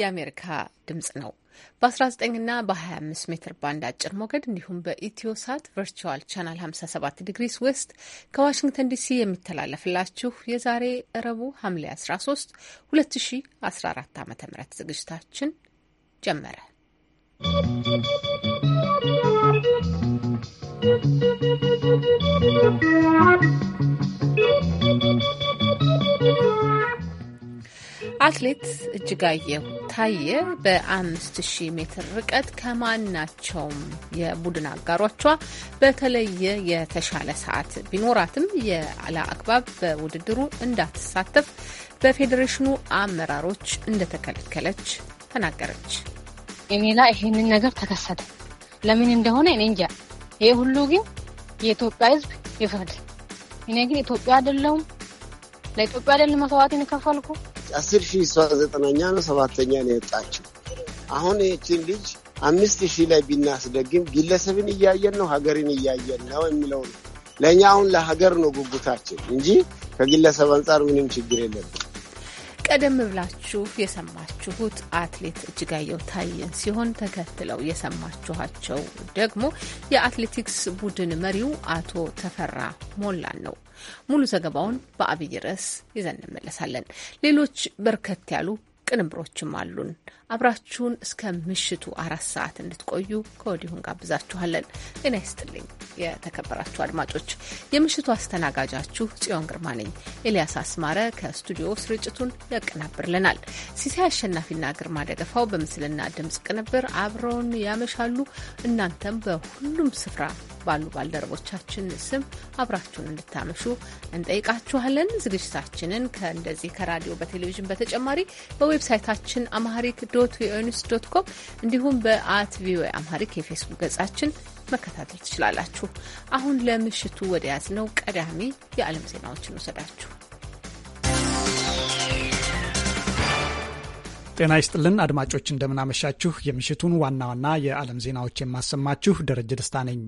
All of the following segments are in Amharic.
የአሜሪካ ድምጽ ነው። በ19ና በ25 ሜትር ባንድ አጭር ሞገድ እንዲሁም በኢትዮሳት ቨርቹዋል ቻናል 57 ዲግሪስ ዌስት ከዋሽንግተን ዲሲ የሚተላለፍላችሁ የዛሬ እረቡ ሐምሌ 13 2014 ዓ ም ዝግጅታችን ጀመረ። ¶¶ አትሌት እጅጋየሁ ታየ በ5000 ሜትር ርቀት ከማናቸውም የቡድን አጋሮቿ በተለየ የተሻለ ሰዓት ቢኖራትም ያለ አግባብ በውድድሩ እንዳትሳተፍ በፌዴሬሽኑ አመራሮች እንደተከለከለች ተናገረች። እኔ ላይ ይሄንን ነገር ተከሰተ። ለምን እንደሆነ እኔ እንጃ። ይህ ሁሉ ግን የኢትዮጵያ ሕዝብ ይፍርድ። እኔ ግን ኢትዮጵያ አይደለሁም። ለኢትዮጵያ አይደል መስዋዕትን ከፈልኩ አስር ሺህ እሷ ዘጠነኛ ነው ሰባተኛ ነው የወጣችው። አሁን ይህችን ልጅ አምስት ሺህ ላይ ቢናስደግም ግለሰብን እያየን ነው፣ ሀገርን እያየን ነው የሚለው ነው። ለእኛ አሁን ለሀገር ነው ጉጉታችን እንጂ ከግለሰብ አንጻር ምንም ችግር የለም። ቀደም ብላችሁ የሰማችሁት አትሌት እጅጋየው ታየን ሲሆን ተከትለው የሰማችኋቸው ደግሞ የአትሌቲክስ ቡድን መሪው አቶ ተፈራ ሞላን ነው። ሙሉ ዘገባውን በአብይ ርዕስ ይዘን እንመለሳለን። ሌሎች በርከት ያሉ ቅንብሮችም አሉን። አብራችሁን እስከ ምሽቱ አራት ሰዓት እንድትቆዩ ከወዲሁ ጋብዛችኋለን። ጤና ይስጥልኝ የተከበራችሁ አድማጮች፣ የምሽቱ አስተናጋጃችሁ ጽዮን ግርማ ነኝ። ኤልያስ አስማረ ከስቱዲዮ ስርጭቱን ያቀናብርልናል። ሲሳይ አሸናፊና ግርማ ደገፋው በምስልና ድምፅ ቅንብር አብረውን ያመሻሉ። እናንተም በሁሉም ስፍራ ባሉ ባልደረቦቻችን ስም አብራችሁን እንድታመሹ እንጠይቃችኋለን። ዝግጅታችንን ከእንደዚህ ከራዲዮ በቴሌቪዥን በተጨማሪ በዌብሳይታችን አማሪክ ዶት ቪኦኤ ኒውስ ዶት ኮም እንዲሁም በአት ቪኦኤ አማሪክ የፌስቡክ ገጻችን መከታተል ትችላላችሁ። አሁን ለምሽቱ ወደ ያዝ ነው ቀዳሚ የዓለም ዜናዎችን ውሰዳችሁ። ጤና ይስጥልን አድማጮች እንደምናመሻችሁ። የምሽቱን ዋና ዋና የዓለም ዜናዎች የማሰማችሁ ደረጀ ደስታ ነኝ።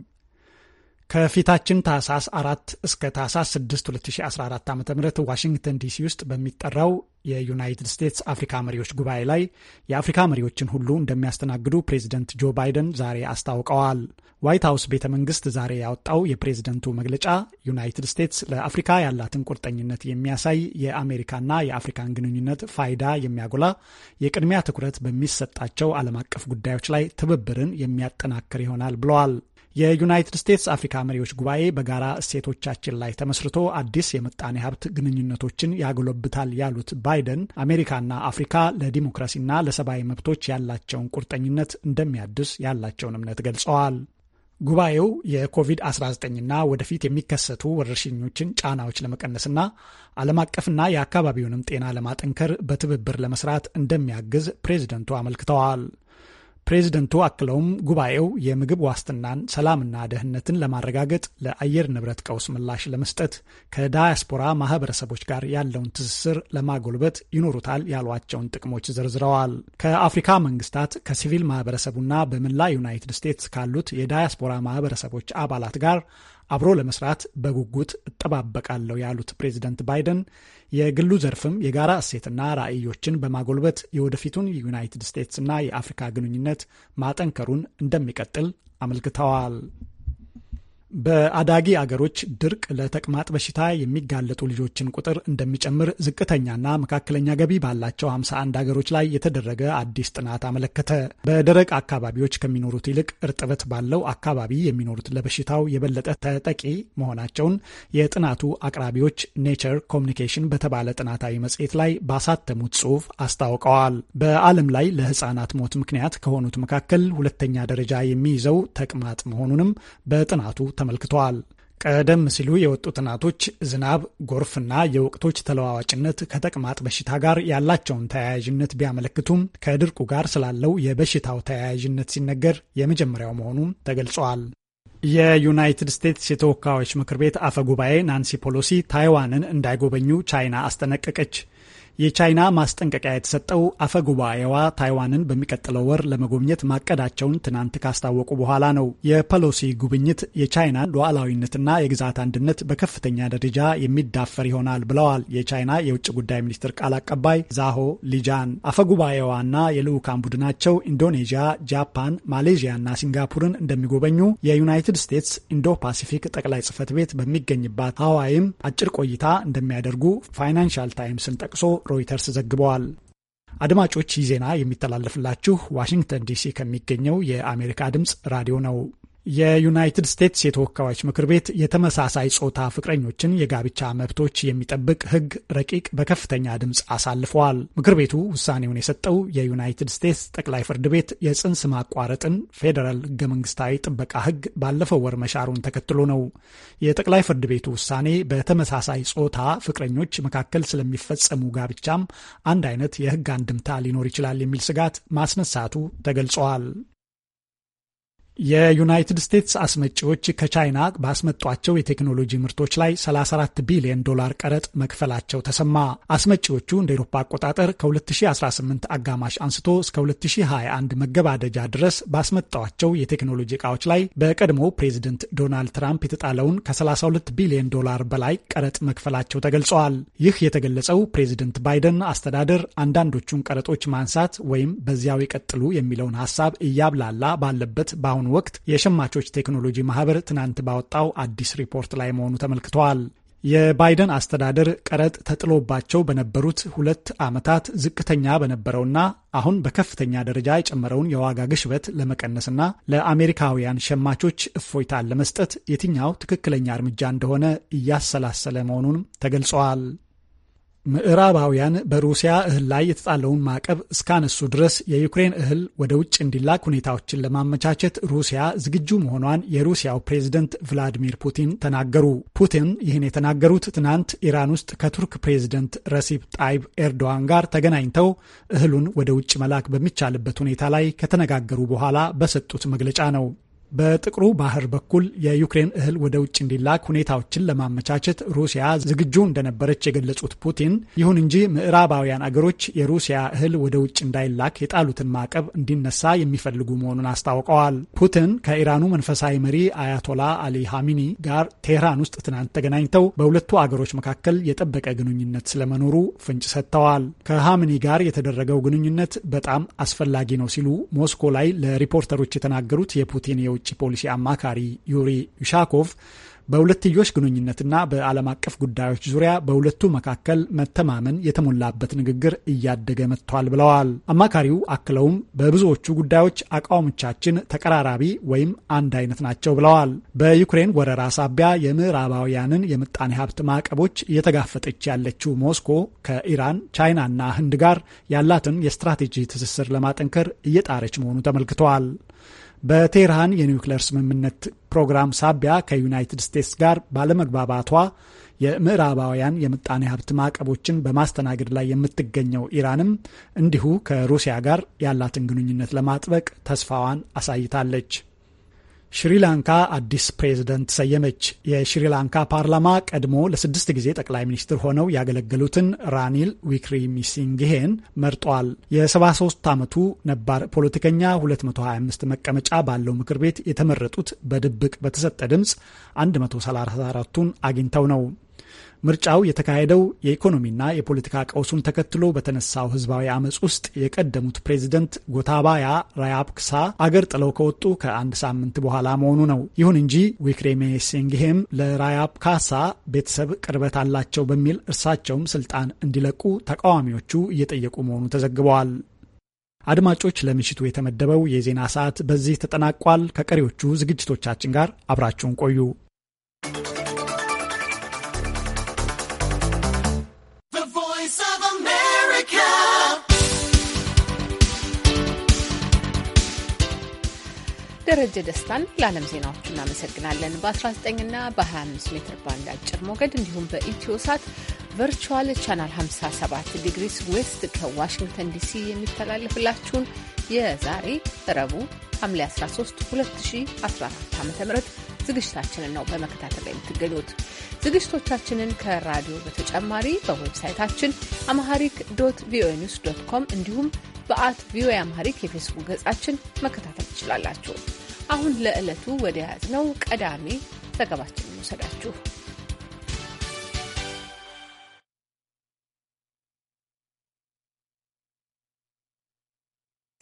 ከፊታችን ታህሳስ 4 እስከ ታህሳስ 6 2014 ዓ ም ዋሽንግተን ዲሲ ውስጥ በሚጠራው የዩናይትድ ስቴትስ አፍሪካ መሪዎች ጉባኤ ላይ የአፍሪካ መሪዎችን ሁሉ እንደሚያስተናግዱ ፕሬዚደንት ጆ ባይደን ዛሬ አስታውቀዋል። ዋይት ሀውስ ቤተ መንግስት ዛሬ ያወጣው የፕሬዝደንቱ መግለጫ ዩናይትድ ስቴትስ ለአፍሪካ ያላትን ቁርጠኝነት የሚያሳይ የአሜሪካና የአፍሪካን ግንኙነት ፋይዳ የሚያጎላ የቅድሚያ ትኩረት በሚሰጣቸው ዓለም አቀፍ ጉዳዮች ላይ ትብብርን የሚያጠናክር ይሆናል ብለዋል። የዩናይትድ ስቴትስ አፍሪካ መሪዎች ጉባኤ በጋራ እሴቶቻችን ላይ ተመስርቶ አዲስ የምጣኔ ሀብት ግንኙነቶችን ያጎለብታል ያሉት ባይደን አሜሪካና አፍሪካ ለዲሞክራሲና ለሰብአዊ መብቶች ያላቸውን ቁርጠኝነት እንደሚያድስ ያላቸውን እምነት ገልጸዋል። ጉባኤው የኮቪድ-19ና ወደፊት የሚከሰቱ ወረርሽኞችን ጫናዎች ለመቀነስና ዓለም አቀፍና የአካባቢውንም ጤና ለማጠንከር በትብብር ለመስራት እንደሚያግዝ ፕሬዝደንቱ አመልክተዋል። ፕሬዝደንቱ አክለውም ጉባኤው የምግብ ዋስትናን፣ ሰላምና ደህንነትን ለማረጋገጥ ለአየር ንብረት ቀውስ ምላሽ ለመስጠት ከዳያስፖራ ማህበረሰቦች ጋር ያለውን ትስስር ለማጎልበት ይኖሩታል ያሏቸውን ጥቅሞች ዘርዝረዋል። ከአፍሪካ መንግስታት ከሲቪል ማህበረሰቡና በመላ ዩናይትድ ስቴትስ ካሉት የዳያስፖራ ማህበረሰቦች አባላት ጋር አብሮ ለመስራት በጉጉት እጠባበቃለሁ ያሉት ፕሬዚደንት ባይደን የግሉ ዘርፍም የጋራ እሴትና ራዕዮችን በማጎልበት የወደፊቱን የዩናይትድ ስቴትስና የአፍሪካ ግንኙነት ማጠንከሩን እንደሚቀጥል አመልክተዋል። በአዳጊ አገሮች ድርቅ ለተቅማጥ በሽታ የሚጋለጡ ልጆችን ቁጥር እንደሚጨምር ዝቅተኛና መካከለኛ ገቢ ባላቸው 51 አገሮች ላይ የተደረገ አዲስ ጥናት አመለከተ። በደረቅ አካባቢዎች ከሚኖሩት ይልቅ እርጥበት ባለው አካባቢ የሚኖሩት ለበሽታው የበለጠ ተጠቂ መሆናቸውን የጥናቱ አቅራቢዎች ኔቸር ኮሚኒኬሽን በተባለ ጥናታዊ መጽሔት ላይ ባሳተሙት ጽሑፍ አስታውቀዋል። በዓለም ላይ ለሕፃናት ሞት ምክንያት ከሆኑት መካከል ሁለተኛ ደረጃ የሚይዘው ተቅማጥ መሆኑንም በጥናቱ ተመልክተዋል። ቀደም ሲሉ የወጡ ጥናቶች ዝናብ፣ ጎርፍና የወቅቶች ተለዋዋጭነት ከተቅማጥ በሽታ ጋር ያላቸውን ተያያዥነት ቢያመለክቱም ከድርቁ ጋር ስላለው የበሽታው ተያያዥነት ሲነገር የመጀመሪያው መሆኑም ተገልጸዋል። የዩናይትድ ስቴትስ የተወካዮች ምክር ቤት አፈ ጉባኤ ናንሲ ፖሎሲ ታይዋንን እንዳይጎበኙ ቻይና አስጠነቀቀች። የቻይና ማስጠንቀቂያ የተሰጠው አፈ ጉባኤዋ ታይዋንን በሚቀጥለው ወር ለመጎብኘት ማቀዳቸውን ትናንት ካስታወቁ በኋላ ነው። የፐሎሲ ጉብኝት የቻይናን ሉዓላዊነትና የግዛት አንድነት በከፍተኛ ደረጃ የሚዳፈር ይሆናል ብለዋል የቻይና የውጭ ጉዳይ ሚኒስትር ቃል አቀባይ ዛሆ ሊጃን። ጉባኤዋና የልዑካን ቡድናቸው ኢንዶኔዥያ፣ ጃፓን፣ ማሌዥያና ሲንጋፑርን እንደሚጎበኙ የዩናይትድ ስቴትስ ኢንዶ ፓሲፊክ ጠቅላይ ጽህፈት ቤት በሚገኝባት ሀዋይም አጭር ቆይታ እንደሚያደርጉ ፋይናንሻል ታይምስን ጠቅሶ ሮይተርስ ዘግበዋል። አድማጮች ይህ ዜና የሚተላለፍላችሁ ዋሽንግተን ዲሲ ከሚገኘው የአሜሪካ ድምፅ ራዲዮ ነው። የዩናይትድ ስቴትስ የተወካዮች ምክር ቤት የተመሳሳይ ጾታ ፍቅረኞችን የጋብቻ መብቶች የሚጠብቅ ሕግ ረቂቅ በከፍተኛ ድምፅ አሳልፈዋል። ምክር ቤቱ ውሳኔውን የሰጠው የዩናይትድ ስቴትስ ጠቅላይ ፍርድ ቤት የጽንስ ማቋረጥን ፌዴራል ሕገ መንግስታዊ ጥበቃ ሕግ ባለፈው ወር መሻሩን ተከትሎ ነው። የጠቅላይ ፍርድ ቤቱ ውሳኔ በተመሳሳይ ጾታ ፍቅረኞች መካከል ስለሚፈጸሙ ጋብቻም አንድ አይነት የሕግ አንድምታ ሊኖር ይችላል የሚል ስጋት ማስነሳቱ ተገልጸዋል። የዩናይትድ ስቴትስ አስመጪዎች ከቻይና ባስመጧቸው የቴክኖሎጂ ምርቶች ላይ 34 ቢሊዮን ዶላር ቀረጥ መክፈላቸው ተሰማ። አስመጪዎቹ እንደ ኤሮፓ አቆጣጠር ከ2018 አጋማሽ አንስቶ እስከ 2021 መገባደጃ ድረስ ባስመጧቸው የቴክኖሎጂ እቃዎች ላይ በቀድሞ ፕሬዚደንት ዶናልድ ትራምፕ የተጣለውን ከ32 ቢሊዮን ዶላር በላይ ቀረጥ መክፈላቸው ተገልጸዋል። ይህ የተገለጸው ፕሬዚደንት ባይደን አስተዳደር አንዳንዶቹን ቀረጦች ማንሳት ወይም በዚያው ይቀጥሉ የሚለውን ሀሳብ እያብላላ ባለበት በአሁኑ በአሁኑ ወቅት የሸማቾች ቴክኖሎጂ ማህበር ትናንት ባወጣው አዲስ ሪፖርት ላይ መሆኑ ተመልክተዋል። የባይደን አስተዳደር ቀረጥ ተጥሎባቸው በነበሩት ሁለት ዓመታት ዝቅተኛ በነበረውና አሁን በከፍተኛ ደረጃ የጨመረውን የዋጋ ግሽበት ለመቀነስና ለአሜሪካውያን ሸማቾች እፎይታን ለመስጠት የትኛው ትክክለኛ እርምጃ እንደሆነ እያሰላሰለ መሆኑንም ተገልጸዋል። ምዕራባውያን በሩሲያ እህል ላይ የተጣለውን ማዕቀብ እስካነሱ ድረስ የዩክሬን እህል ወደ ውጭ እንዲላክ ሁኔታዎችን ለማመቻቸት ሩሲያ ዝግጁ መሆኗን የሩሲያው ፕሬዝደንት ቭላዲሚር ፑቲን ተናገሩ። ፑቲን ይህን የተናገሩት ትናንት ኢራን ውስጥ ከቱርክ ፕሬዝደንት ረሲፕ ጣይብ ኤርዶዋን ጋር ተገናኝተው እህሉን ወደ ውጭ መላክ በሚቻልበት ሁኔታ ላይ ከተነጋገሩ በኋላ በሰጡት መግለጫ ነው። በጥቁሩ ባህር በኩል የዩክሬን እህል ወደ ውጭ እንዲላክ ሁኔታዎችን ለማመቻቸት ሩሲያ ዝግጁ እንደነበረች የገለጹት ፑቲን፣ ይሁን እንጂ ምዕራባውያን አገሮች የሩሲያ እህል ወደ ውጭ እንዳይላክ የጣሉትን ማዕቀብ እንዲነሳ የሚፈልጉ መሆኑን አስታውቀዋል። ፑቲን ከኢራኑ መንፈሳዊ መሪ አያቶላ አሊ ሀሚኒ ጋር ቴህራን ውስጥ ትናንት ተገናኝተው በሁለቱ አገሮች መካከል የጠበቀ ግንኙነት ስለመኖሩ ፍንጭ ሰጥተዋል። ከሀሚኒ ጋር የተደረገው ግንኙነት በጣም አስፈላጊ ነው ሲሉ ሞስኮ ላይ ለሪፖርተሮች የተናገሩት የፑቲን የውጭ የውጭ ፖሊሲ አማካሪ ዩሪ ዩሻኮቭ በሁለትዮሽ ግንኙነትና በዓለም አቀፍ ጉዳዮች ዙሪያ በሁለቱ መካከል መተማመን የተሞላበት ንግግር እያደገ መጥቷል ብለዋል። አማካሪው አክለውም በብዙዎቹ ጉዳዮች አቋሞቻችን ተቀራራቢ ወይም አንድ አይነት ናቸው ብለዋል። በዩክሬን ወረራ ሳቢያ የምዕራባውያንን የምጣኔ ሀብት ማዕቀቦች እየተጋፈጠች ያለችው ሞስኮ ከኢራን፣ ቻይናና ህንድ ጋር ያላትን የስትራቴጂ ትስስር ለማጠንከር እየጣረች መሆኑ ተመልክተዋል። በቴህራን የኒውክሌር ስምምነት ፕሮግራም ሳቢያ ከዩናይትድ ስቴትስ ጋር ባለመግባባቷ የምዕራባውያን የምጣኔ ሀብት ማዕቀቦችን በማስተናገድ ላይ የምትገኘው ኢራንም እንዲሁ ከሩሲያ ጋር ያላትን ግንኙነት ለማጥበቅ ተስፋዋን አሳይታለች። ሽሪላንካ አዲስ ፕሬዝደንት ሰየመች። የሽሪላንካ ፓርላማ ቀድሞ ለስድስት ጊዜ ጠቅላይ ሚኒስትር ሆነው ያገለገሉትን ራኒል ዊክሪሚሲንግሄን መርጧል። የ73 ዓመቱ ነባር ፖለቲከኛ 225 መቀመጫ ባለው ምክር ቤት የተመረጡት በድብቅ በተሰጠ ድምፅ 134ቱን አግኝተው ነው። ምርጫው የተካሄደው የኢኮኖሚና የፖለቲካ ቀውሱን ተከትሎ በተነሳው ህዝባዊ አመፅ ውስጥ የቀደሙት ፕሬዚደንት ጎታባያ ራያፕክሳ አገር ጥለው ከወጡ ከአንድ ሳምንት በኋላ መሆኑ ነው። ይሁን እንጂ ዊክሬሜሲንግሄም ለራያፕካሳ ቤተሰብ ቅርበት አላቸው በሚል እርሳቸውም ስልጣን እንዲለቁ ተቃዋሚዎቹ እየጠየቁ መሆኑ ተዘግበዋል። አድማጮች፣ ለምሽቱ የተመደበው የዜና ሰዓት በዚህ ተጠናቋል። ከቀሪዎቹ ዝግጅቶቻችን ጋር አብራችሁን ቆዩ። Voice of America. ደረጀ ደስታን ለዓለም ዜናዎቹ እናመሰግናለን። በ19 እና በ25 ሜትር ባንድ አጭር ሞገድ እንዲሁም በኢትዮ ሳት ቨርቹዋል ቻናል 57 ዲግሪስ ዌስት ከዋሽንግተን ዲሲ የሚተላለፍላችሁን የዛሬ ረቡዕ ሐምሌ 13 2014 ዓ ም ዝግጅታችንን ነው በመከታተል ላይ የምትገኙት። ዝግጅቶቻችንን ከራዲዮ በተጨማሪ በዌብሳይታችን አማሃሪክ ዶት ቪኦኤ ኒውስ ዶት ኮም እንዲሁም በአት ቪኦኤ አማሃሪክ የፌስቡክ ገጻችን መከታተል ትችላላችሁ። አሁን ለዕለቱ ወደ ያዝነው ቀዳሚ ዘገባችን እንውሰዳችሁ።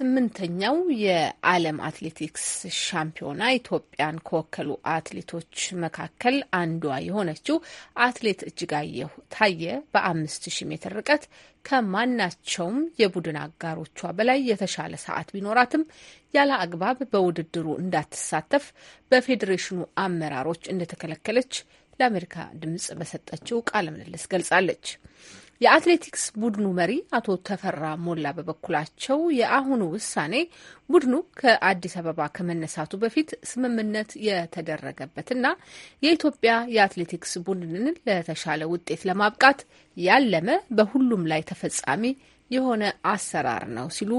ስምንተኛው የዓለም አትሌቲክስ ሻምፒዮና ኢትዮጵያን ከወከሉ አትሌቶች መካከል አንዷ የሆነችው አትሌት እጅጋየሁ ታየ በአምስት ሺህ ሜትር ርቀት ከማናቸውም የቡድን አጋሮቿ በላይ የተሻለ ሰዓት ቢኖራትም ያለ አግባብ በውድድሩ እንዳትሳተፍ በፌዴሬሽኑ አመራሮች እንደተከለከለች ለአሜሪካ ድምጽ በሰጠችው ቃለ ምልልስ ገልጻለች። የአትሌቲክስ ቡድኑ መሪ አቶ ተፈራ ሞላ በበኩላቸው የአሁኑ ውሳኔ ቡድኑ ከአዲስ አበባ ከመነሳቱ በፊት ስምምነት የተደረገበትና የኢትዮጵያ የአትሌቲክስ ቡድንን ለተሻለ ውጤት ለማብቃት ያለመ በሁሉም ላይ ተፈጻሚ የሆነ አሰራር ነው ሲሉ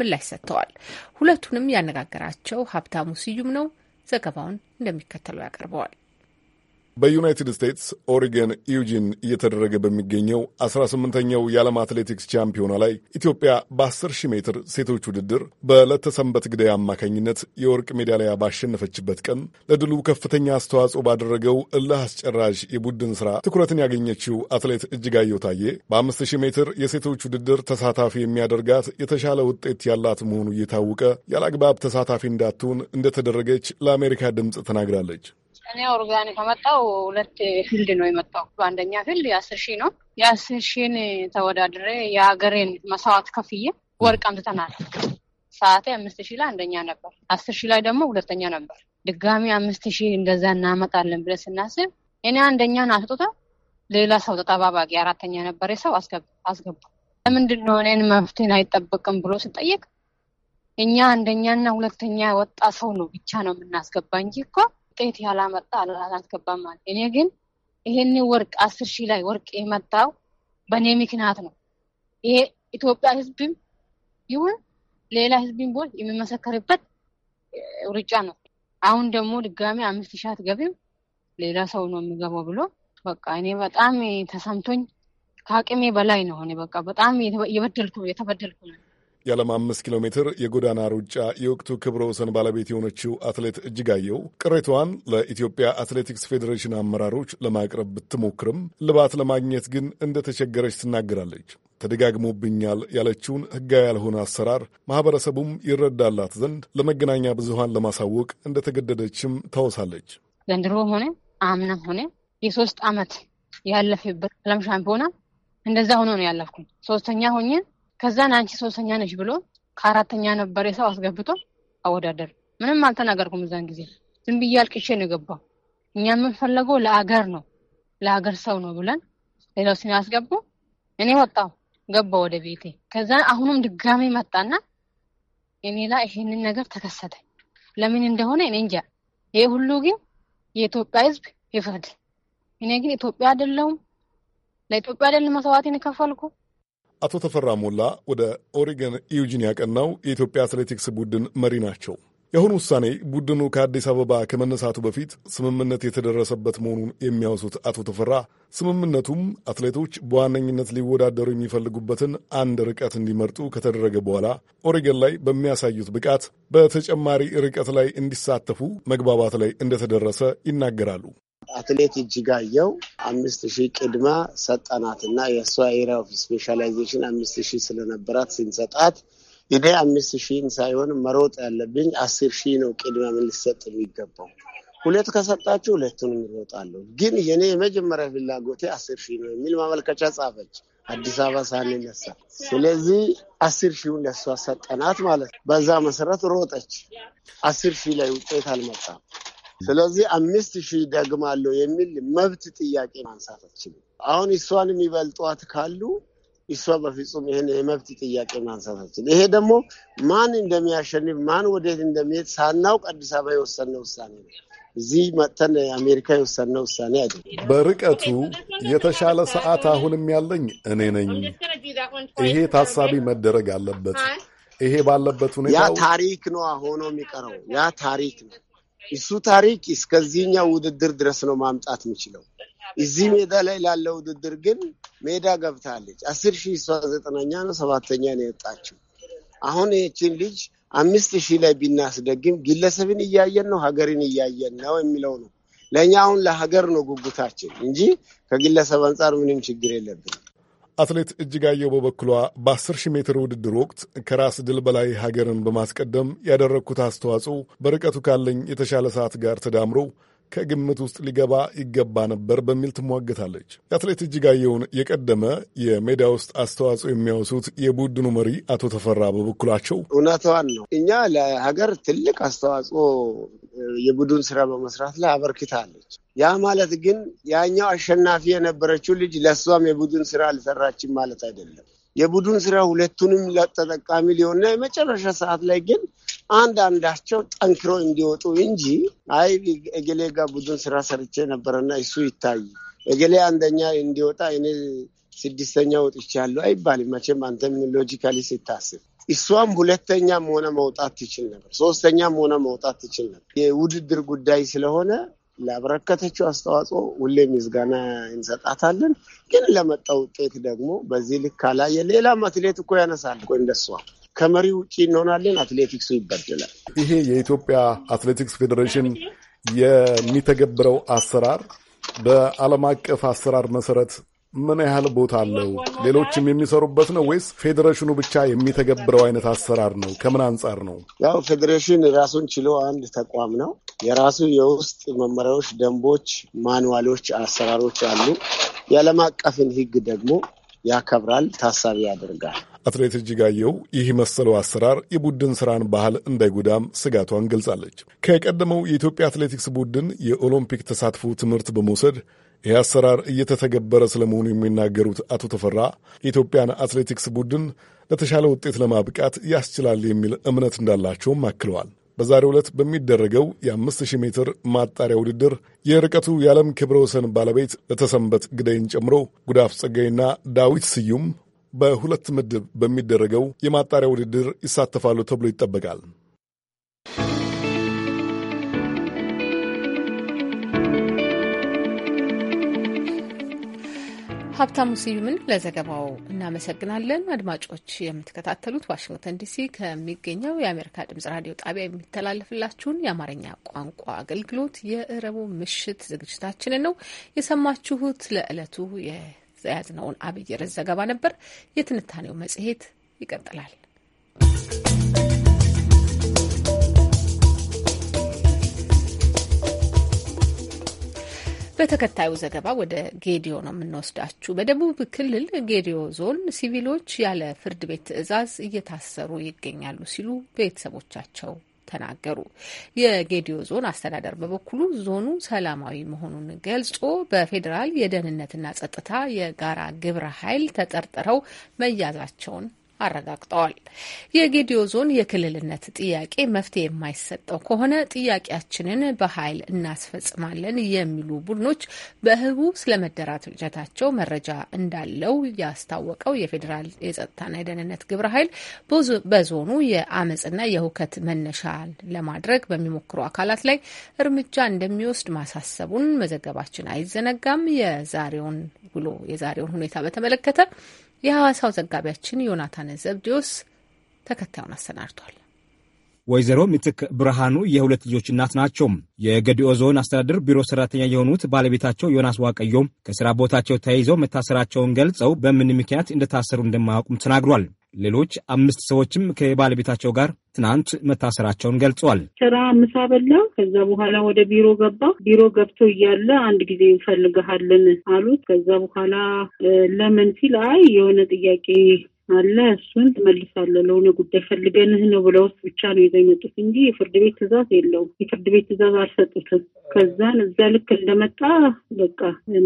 ምላሽ ሰጥተዋል። ሁለቱንም ያነጋገራቸው ሀብታሙ ስዩም ነው። ዘገባውን እንደሚከተለው ያቀርበዋል። በዩናይትድ ስቴትስ ኦሪገን ዩጂን እየተደረገ በሚገኘው 18ኛው የዓለም አትሌቲክስ ቻምፒዮና ላይ ኢትዮጵያ በ10 ሺህ ሜትር ሴቶች ውድድር በዕለተ ሰንበት ግዳይ አማካኝነት የወርቅ ሜዳሊያ ባሸነፈችበት ቀን ለድሉ ከፍተኛ አስተዋጽኦ ባደረገው እልህ አስጨራሽ የቡድን ሥራ ትኩረትን ያገኘችው አትሌት እጅጋየው ታዬ በ5 ሺህ ሜትር የሴቶች ውድድር ተሳታፊ የሚያደርጋት የተሻለ ውጤት ያላት መሆኑ እየታወቀ ያለ አግባብ ተሳታፊ እንዳትሆን እንደተደረገች ለአሜሪካ ድምፅ ተናግራለች። እኔ ኦርጋን ከመጣው ሁለት ፊልድ ነው የመጣው። በአንደኛ ፊልድ የአስር ሺህ ነው። የአስር ሺህን ተወዳድሬ የሀገሬን መስዋዕት ከፍዬ ወርቅ አምጥተናል። ሰዓቴ አምስት ሺህ ላይ አንደኛ ነበር። አስር ሺህ ላይ ደግሞ ሁለተኛ ነበር። ድጋሚ አምስት ሺህ እንደዛ እናመጣለን ብለን ስናስብ እኔ አንደኛን አስጡታ ሌላ ሰው ተጠባባቂ አራተኛ ነበር ሰው አስገባ። ለምንድን ነው እኔን መፍትሄን አይጠበቅም ብሎ ስጠይቅ እኛ አንደኛና ሁለተኛ ወጣ ሰው ነው ብቻ ነው የምናስገባ እንጂ እኮ ውጤት ያላመጣ አላስገባም ማለት። እኔ ግን ይሄን ወርቅ አስር ሺህ ላይ ወርቅ የመጣው በእኔ ምክንያት ነው። ይሄ ኢትዮጵያ ህዝብም ይሁን ሌላ ህዝብም ቦል የሚመሰከርበት ሩጫ ነው። አሁን ደግሞ ድጋሚ አምስት ሺህ አትገቢም ሌላ ሰው ነው የሚገባው ብሎ በቃ እኔ በጣም ተሰምቶኝ ከአቅሜ በላይ ነው። ሆነ። በቃ በጣም የበደልኩ የተበደልኩ ነው። የዓለም አምስት ኪሎ ሜትር የጎዳና ሩጫ የወቅቱ ክብረ ወሰን ባለቤት የሆነችው አትሌት እጅጋየው ቅሬታዋን ለኢትዮጵያ አትሌቲክስ ፌዴሬሽን አመራሮች ለማቅረብ ብትሞክርም ልባት ለማግኘት ግን እንደተቸገረች ትናገራለች። ተደጋግሞብኛል ያለችውን ሕጋዊ ያልሆነ አሰራር ማህበረሰቡም ይረዳላት ዘንድ ለመገናኛ ብዙሃን ለማሳወቅ እንደተገደደችም ታወሳለች። ዘንድሮ ሆነ አምና ሆነ የሶስት ዓመት ያለፈበት ዓለም ሻምፒዮና እንደዛ ሆኖ ነው ያለፍኩኝ ሶስተኛ ሆኜ ከዛን አንቺ ሶስተኛ ነች ብሎ ከአራተኛ ነበር የሰው አስገብቶ አወዳደር። ምንም አልተናገርኩም። እዛን ጊዜ ዝም ብዬ አልቅሼ ነው የገባው። እኛ የምንፈለገው ለአገር ነው ለአገር ሰው ነው ብለን ሌላው ሲያስገቡ እኔ ወጣው ገባ ወደ ቤቴ። ከዛን አሁኑም ድጋሜ መጣና እኔ ላይ ይሄንን ነገር ተከሰተ። ለምን እንደሆነ እኔ እንጃ። ይሄ ሁሉ ግን የኢትዮጵያ ሕዝብ ይፍርድ። እኔ ግን ኢትዮጵያ አይደለሁም ለኢትዮጵያ አይደለም መስዋዕት የከፈልኩ አቶ ተፈራ ሞላ ወደ ኦሪገን ኢዩጂን ያቀናው የኢትዮጵያ አትሌቲክስ ቡድን መሪ ናቸው። የአሁኑ ውሳኔ ቡድኑ ከአዲስ አበባ ከመነሳቱ በፊት ስምምነት የተደረሰበት መሆኑን የሚያወሱት አቶ ተፈራ ስምምነቱም አትሌቶች በዋነኝነት ሊወዳደሩ የሚፈልጉበትን አንድ ርቀት እንዲመርጡ ከተደረገ በኋላ ኦሪገን ላይ በሚያሳዩት ብቃት በተጨማሪ ርቀት ላይ እንዲሳተፉ መግባባት ላይ እንደተደረሰ ይናገራሉ። አትሌት እጅጋየው አምስት ሺህ ቅድማ ሰጠናት እና የእሷ ኤሪያ ኦፍ ስፔሻላይዜሽን አምስት ሺህ ስለነበራት ስንሰጣት እኔ አምስት ሺህን ሳይሆን መሮጥ ያለብኝ አስር ሺህ ነው ቅድማ ምን ሊሰጥ የሚገባው ሁለት ከሰጣችሁ ሁለቱንም ይሮጣለሁ፣ ግን የኔ የመጀመሪያ ፍላጎቴ አስር ሺህ ነው የሚል ማመልከቻ ጻፈች አዲስ አበባ ሳንነሳ። ስለዚህ አስር ሺውን ለሷ ሰጠናት ማለት ነው። በዛ መሰረት ሮጠች። አስር ሺህ ላይ ውጤት አልመጣም። ስለዚህ አምስት ሺህ ደግማለሁ የሚል መብት ጥያቄ ማንሳት አችልም። አሁን እሷን የሚበልጧት ካሉ እሷ በፍጹም ይህን የመብት ጥያቄ ማንሳት አችልም። ይሄ ደግሞ ማን እንደሚያሸንፍ ማን ወዴት እንደሚሄድ ሳናውቅ አዲስ አበባ የወሰነ ውሳኔ ነው። እዚህ መጥተን አሜሪካ የወሰነ ውሳኔ አይደለም። በርቀቱ የተሻለ ሰዓት አሁንም ያለኝ እኔ ነኝ። ይሄ ታሳቢ መደረግ አለበት። ይሄ ባለበት ሁኔታ ያ ታሪክ ነው ሆኖ የሚቀረው ያ ታሪክ ነው። እሱ ታሪክ እስከዚህኛው ውድድር ድረስ ነው ማምጣት የሚችለው። እዚህ ሜዳ ላይ ላለ ውድድር ግን ሜዳ ገብታለች። አስር ሺህ እሷ ዘጠነኛ ነው ሰባተኛ ነው የወጣችው። አሁን ይህችን ልጅ አምስት ሺህ ላይ ቢናስደግም ግለሰብን እያየን ነው፣ ሀገርን እያየን ነው የሚለው ነው። ለእኛ አሁን ለሀገር ነው ጉጉታችን እንጂ ከግለሰብ አንጻር ምንም ችግር የለብንም። አትሌት እጅጋየው በበኩሏ በ10 ሺህ ሜትር ውድድር ወቅት ከራስ ድል በላይ ሀገርን በማስቀደም ያደረግኩት አስተዋጽኦ በርቀቱ ካለኝ የተሻለ ሰዓት ጋር ተዳምሮ ከግምት ውስጥ ሊገባ ይገባ ነበር በሚል ትሟገታለች። የአትሌት እጅጋየውን የቀደመ የሜዳ ውስጥ አስተዋጽኦ የሚያወሱት የቡድኑ መሪ አቶ ተፈራ በበኩላቸው እውነቷን ነው። እኛ ለሀገር ትልቅ አስተዋጽኦ የቡድን ስራ በመስራት ላይ አበርክታለች። ያ ማለት ግን ያኛው አሸናፊ የነበረችው ልጅ ለእሷም የቡድን ስራ አልሰራችም ማለት አይደለም። የቡድን ስራ ሁለቱንም ተጠቃሚ ሊሆንና የመጨረሻ ሰዓት ላይ ግን አንድ አንዳቸው ጠንክሮ እንዲወጡ እንጂ አይ እገሌ ጋር ቡድን ስራ ሰርቼ ነበረና እሱ ይታይ እገሌ አንደኛ እንዲወጣ እኔ ስድስተኛ ወጥቻለሁ አይባልም። መቼም አንተም ሎጂካሊ ስታስብ እሷም ሁለተኛም ሆነ መውጣት ትችል ነበር፣ ሶስተኛም ሆነ መውጣት ትችል ነበር። የውድድር ጉዳይ ስለሆነ ላበረከተችው አስተዋጽኦ ሁሌም ምስጋና እንሰጣታለን። ግን ለመጣው ውጤት ደግሞ በዚህ ልክ ካላየ ሌላም አትሌት እኮ ያነሳል እኮ እንደሷ ከመሪ ውጭ እንሆናለን። አትሌቲክሱ ይበድላል። ይሄ የኢትዮጵያ አትሌቲክስ ፌዴሬሽን የሚተገብረው አሰራር በዓለም አቀፍ አሰራር መሰረት ምን ያህል ቦታ አለው? ሌሎችም የሚሰሩበት ነው ወይስ ፌዴሬሽኑ ብቻ የሚተገብረው አይነት አሰራር ነው? ከምን አንጻር ነው? ያው ፌዴሬሽን ራሱን ችሎ አንድ ተቋም ነው። የራሱ የውስጥ መመሪያዎች፣ ደንቦች፣ ማንዋሎች፣ አሰራሮች አሉ። የዓለም አቀፍን ሕግ ደግሞ ያከብራል፣ ታሳቢ ያደርጋል። አትሌት እጅጋየው ይህ መሰለው አሰራር የቡድን ስራን ባህል እንዳይጎዳም ስጋቷን ገልጻለች። ከቀደመው የኢትዮጵያ አትሌቲክስ ቡድን የኦሎምፒክ ተሳትፎ ትምህርት በመውሰድ ይህ አሰራር እየተተገበረ ስለመሆኑ የሚናገሩት አቶ ተፈራ የኢትዮጵያን አትሌቲክስ ቡድን ለተሻለ ውጤት ለማብቃት ያስችላል የሚል እምነት እንዳላቸውም አክለዋል። በዛሬ ዕለት በሚደረገው የአምስት ሜትር ማጣሪያ ውድድር የርቀቱ የዓለም ክብረ ወሰን ባለቤት ለተሰንበት ግዳይን ጨምሮ ጉዳፍ ጸጋይና ዳዊት ስዩም በሁለት ምድብ በሚደረገው የማጣሪያ ውድድር ይሳተፋሉ ተብሎ ይጠበቃል። ሀብታሙ ስዩምን ለዘገባው እናመሰግናለን። አድማጮች የምትከታተሉት ዋሽንግተን ዲሲ ከሚገኘው የአሜሪካ ድምጽ ራዲዮ ጣቢያ የሚተላለፍላችሁን የአማርኛ ቋንቋ አገልግሎት የእረቡ ምሽት ዝግጅታችንን ነው የሰማችሁት። ለዕለቱ የያዝነውን አብይ ርዕስ ዘገባ ነበር። የትንታኔው መጽሔት ይቀጥላል። በተከታዩ ዘገባ ወደ ጌዲዮ ነው የምንወስዳችሁ። በደቡብ ክልል ጌዲዮ ዞን ሲቪሎች ያለ ፍርድ ቤት ትዕዛዝ እየታሰሩ ይገኛሉ ሲሉ ቤተሰቦቻቸው ተናገሩ። የጌዲዮ ዞን አስተዳደር በበኩሉ ዞኑ ሰላማዊ መሆኑን ገልጾ በፌዴራል የደህንነትና ጸጥታ የጋራ ግብረ ኃይል ተጠርጥረው መያዛቸውን አረጋግጠዋል። የጌዲዮ ዞን የክልልነት ጥያቄ መፍትሄ የማይሰጠው ከሆነ ጥያቄያችንን በኃይል እናስፈጽማለን የሚሉ ቡድኖች በህቡ ስለመደራጀታቸው መረጃ እንዳለው ያስታወቀው የፌዴራል የጸጥታና የደህንነት ግብረ ኃይል በዞኑ የአመፅና የሁከት መነሻ ለማድረግ በሚሞክሩ አካላት ላይ እርምጃ እንደሚወስድ ማሳሰቡን መዘገባችን አይዘነጋም። የዛሬውን ውሎ የዛሬውን ሁኔታ በተመለከተ የሐዋሳው ዘጋቢያችን ዮናታን ዘብዲዮስ ተከታዩን አሰናድቷል። ወይዘሮ ምትክ ብርሃኑ የሁለት ልጆች እናት ናቸው። የገዲኦ ዞን አስተዳደር ቢሮ ሰራተኛ የሆኑት ባለቤታቸው ዮናስ ዋቀዮ ከስራ ቦታቸው ተያይዘው መታሰራቸውን ገልጸው በምን ምክንያት እንደታሰሩ እንደማያውቁም ተናግሯል። ሌሎች አምስት ሰዎችም ከባለቤታቸው ጋር ትናንት መታሰራቸውን ገልጿል። ስራ ምሳ በላ። ከዛ በኋላ ወደ ቢሮ ገባ። ቢሮ ገብቶ እያለ አንድ ጊዜ እንፈልግሃለን አሉት። ከዛ በኋላ ለምን ሲል አይ የሆነ ጥያቄ አለ እሱን ትመልሳለህ። ለሆነ ጉዳይ ፈልገንህ ነው ብለውስ ብቻ ነው ይዘው የመጡት እንጂ የፍርድ ቤት ትእዛዝ የለውም። የፍርድ ቤት ትእዛዝ አልሰጡትም። ከዛን እዛ ልክ እንደመጣ በቃ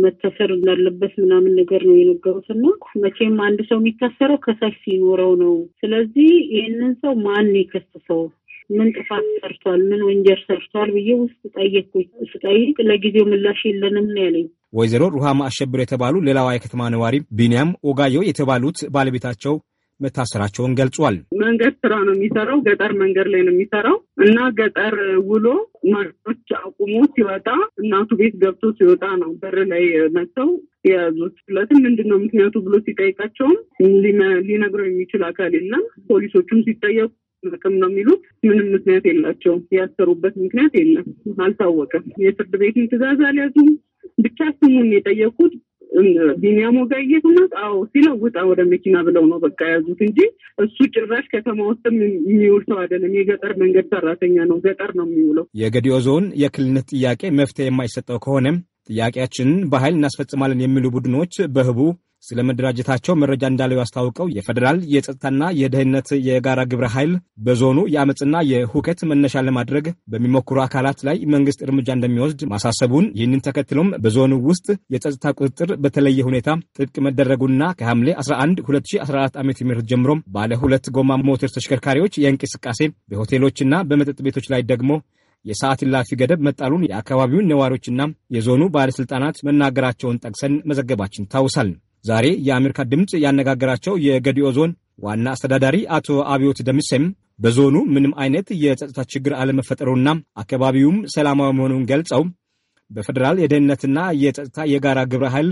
መታሰር እንዳለበት ምናምን ነገር ነው የነገሩት እና መቼም አንድ ሰው የሚታሰረው ከሳሽ ሲኖረው ነው። ስለዚህ ይህንን ሰው ማን የከሰሰው ምን ጥፋት ሰርቷል? ምን ወንጀል ሰርቷል? ብዬ ውስጥ ጠየቅኩኝ። ስጠይቅ ለጊዜው ምላሽ የለንም ነው ያለኝ። ወይዘሮ ሩሃማ አሸብር የተባሉ ሌላዋ የከተማ ነዋሪ ቢንያም ኦጋዮ የተባሉት ባለቤታቸው መታሰራቸውን ገልጿል። መንገድ ስራ ነው የሚሰራው፣ ገጠር መንገድ ላይ ነው የሚሰራው እና ገጠር ውሎ ማጮች አቁሞ ሲወጣ እናቱ ቤት ገብቶ ሲወጣ ነው በር ላይ መጥተው የያዙት። ስለትም ምንድን ነው ምክንያቱ ብሎ ሲጠይቃቸውም ሊነግረው የሚችል አካል የለም። ፖሊሶቹም ሲጠየቁ ጥቅም ነው የሚሉት። ምንም ምክንያት የላቸውም። ያሰሩበት ምክንያት የለም፣ አልታወቀም። የፍርድ ቤትን ትዕዛዝ አልያዙም። ብቻ ስሙን የጠየቁት ቢኒያሞ ጋር እየሆናት አዎ ሲለው ውጣ ወደ መኪና ብለው ነው በቃ ያዙት እንጂ እሱ ጭራሽ ከተማ ውስጥም የሚውል ሰው አይደለም። የገጠር መንገድ ሰራተኛ ነው፣ ገጠር ነው የሚውለው። የገዲዮ ዞን የክልልነት ጥያቄ መፍትሄ የማይሰጠው ከሆነም ጥያቄያችንን በኃይል እናስፈጽማለን የሚሉ ቡድኖች በህቡ ስለ መደራጀታቸው መረጃ እንዳለው ያስታውቀው የፌዴራል የጸጥታና የደህንነት የጋራ ግብረ ኃይል በዞኑ የአመፅና የሁከት መነሻ ለማድረግ በሚሞክሩ አካላት ላይ መንግስት እርምጃ እንደሚወስድ ማሳሰቡን፣ ይህንን ተከትሎም በዞኑ ውስጥ የጸጥታ ቁጥጥር በተለየ ሁኔታ ጥብቅ መደረጉና ከሐምሌ 11 2014 ዓ ም ጀምሮ ባለ ሁለት ጎማ ሞተር ተሽከርካሪዎች የእንቅስቃሴ በሆቴሎችና በመጠጥ ቤቶች ላይ ደግሞ የሰዓት እላፊ ገደብ መጣሉን የአካባቢውን ነዋሪዎችና የዞኑ ባለሥልጣናት መናገራቸውን ጠቅሰን መዘገባችን ታውሳል። ዛሬ የአሜሪካ ድምፅ ያነጋገራቸው የገዲኦ ዞን ዋና አስተዳዳሪ አቶ አብዮት ደምሴም በዞኑ ምንም አይነት የጸጥታ ችግር አለመፈጠሩና አካባቢውም ሰላማዊ መሆኑን ገልጸው በፌዴራል የደህንነትና የጸጥታ የጋራ ግብረ ኃይል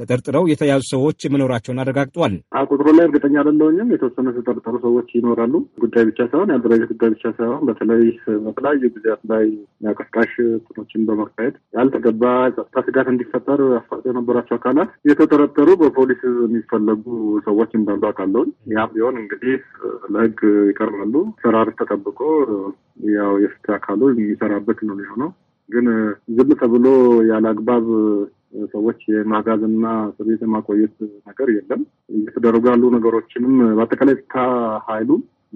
ተጠርጥረው የተያዙ ሰዎች መኖራቸውን አረጋግጧል። ቁጥሩ ላይ እርግጠኛ አይደለሁም። የተወሰኑ የተጠረጠሩ ሰዎች ይኖራሉ። ጉዳይ ብቻ ሳይሆን ያደራጀት ጉዳይ ብቻ ሳይሆን በተለይ በተለያዩ ጊዜያት ላይ ቀስቃሽ ጥኖችን በማካሄድ ያልተገባ ጸጥታ ስጋት እንዲፈጠር አስፋጽ የነበራቸው አካላት የተጠረጠሩ በፖሊስ የሚፈለጉ ሰዎች እንዳሉ አውቃለሁኝ። ያም ቢሆን እንግዲህ ለህግ ይቀርባሉ። ሰራር ተጠብቆ ያው የፍትህ አካሉ የሚሰራበት ነው የሚሆነው። ግን ዝም ተብሎ ያለ አግባብ ሰዎች የማጋዝና እስር ቤት የማቆየት ነገር የለም። እየተደረጉ ያሉ ነገሮችንም በአጠቃላይ ካ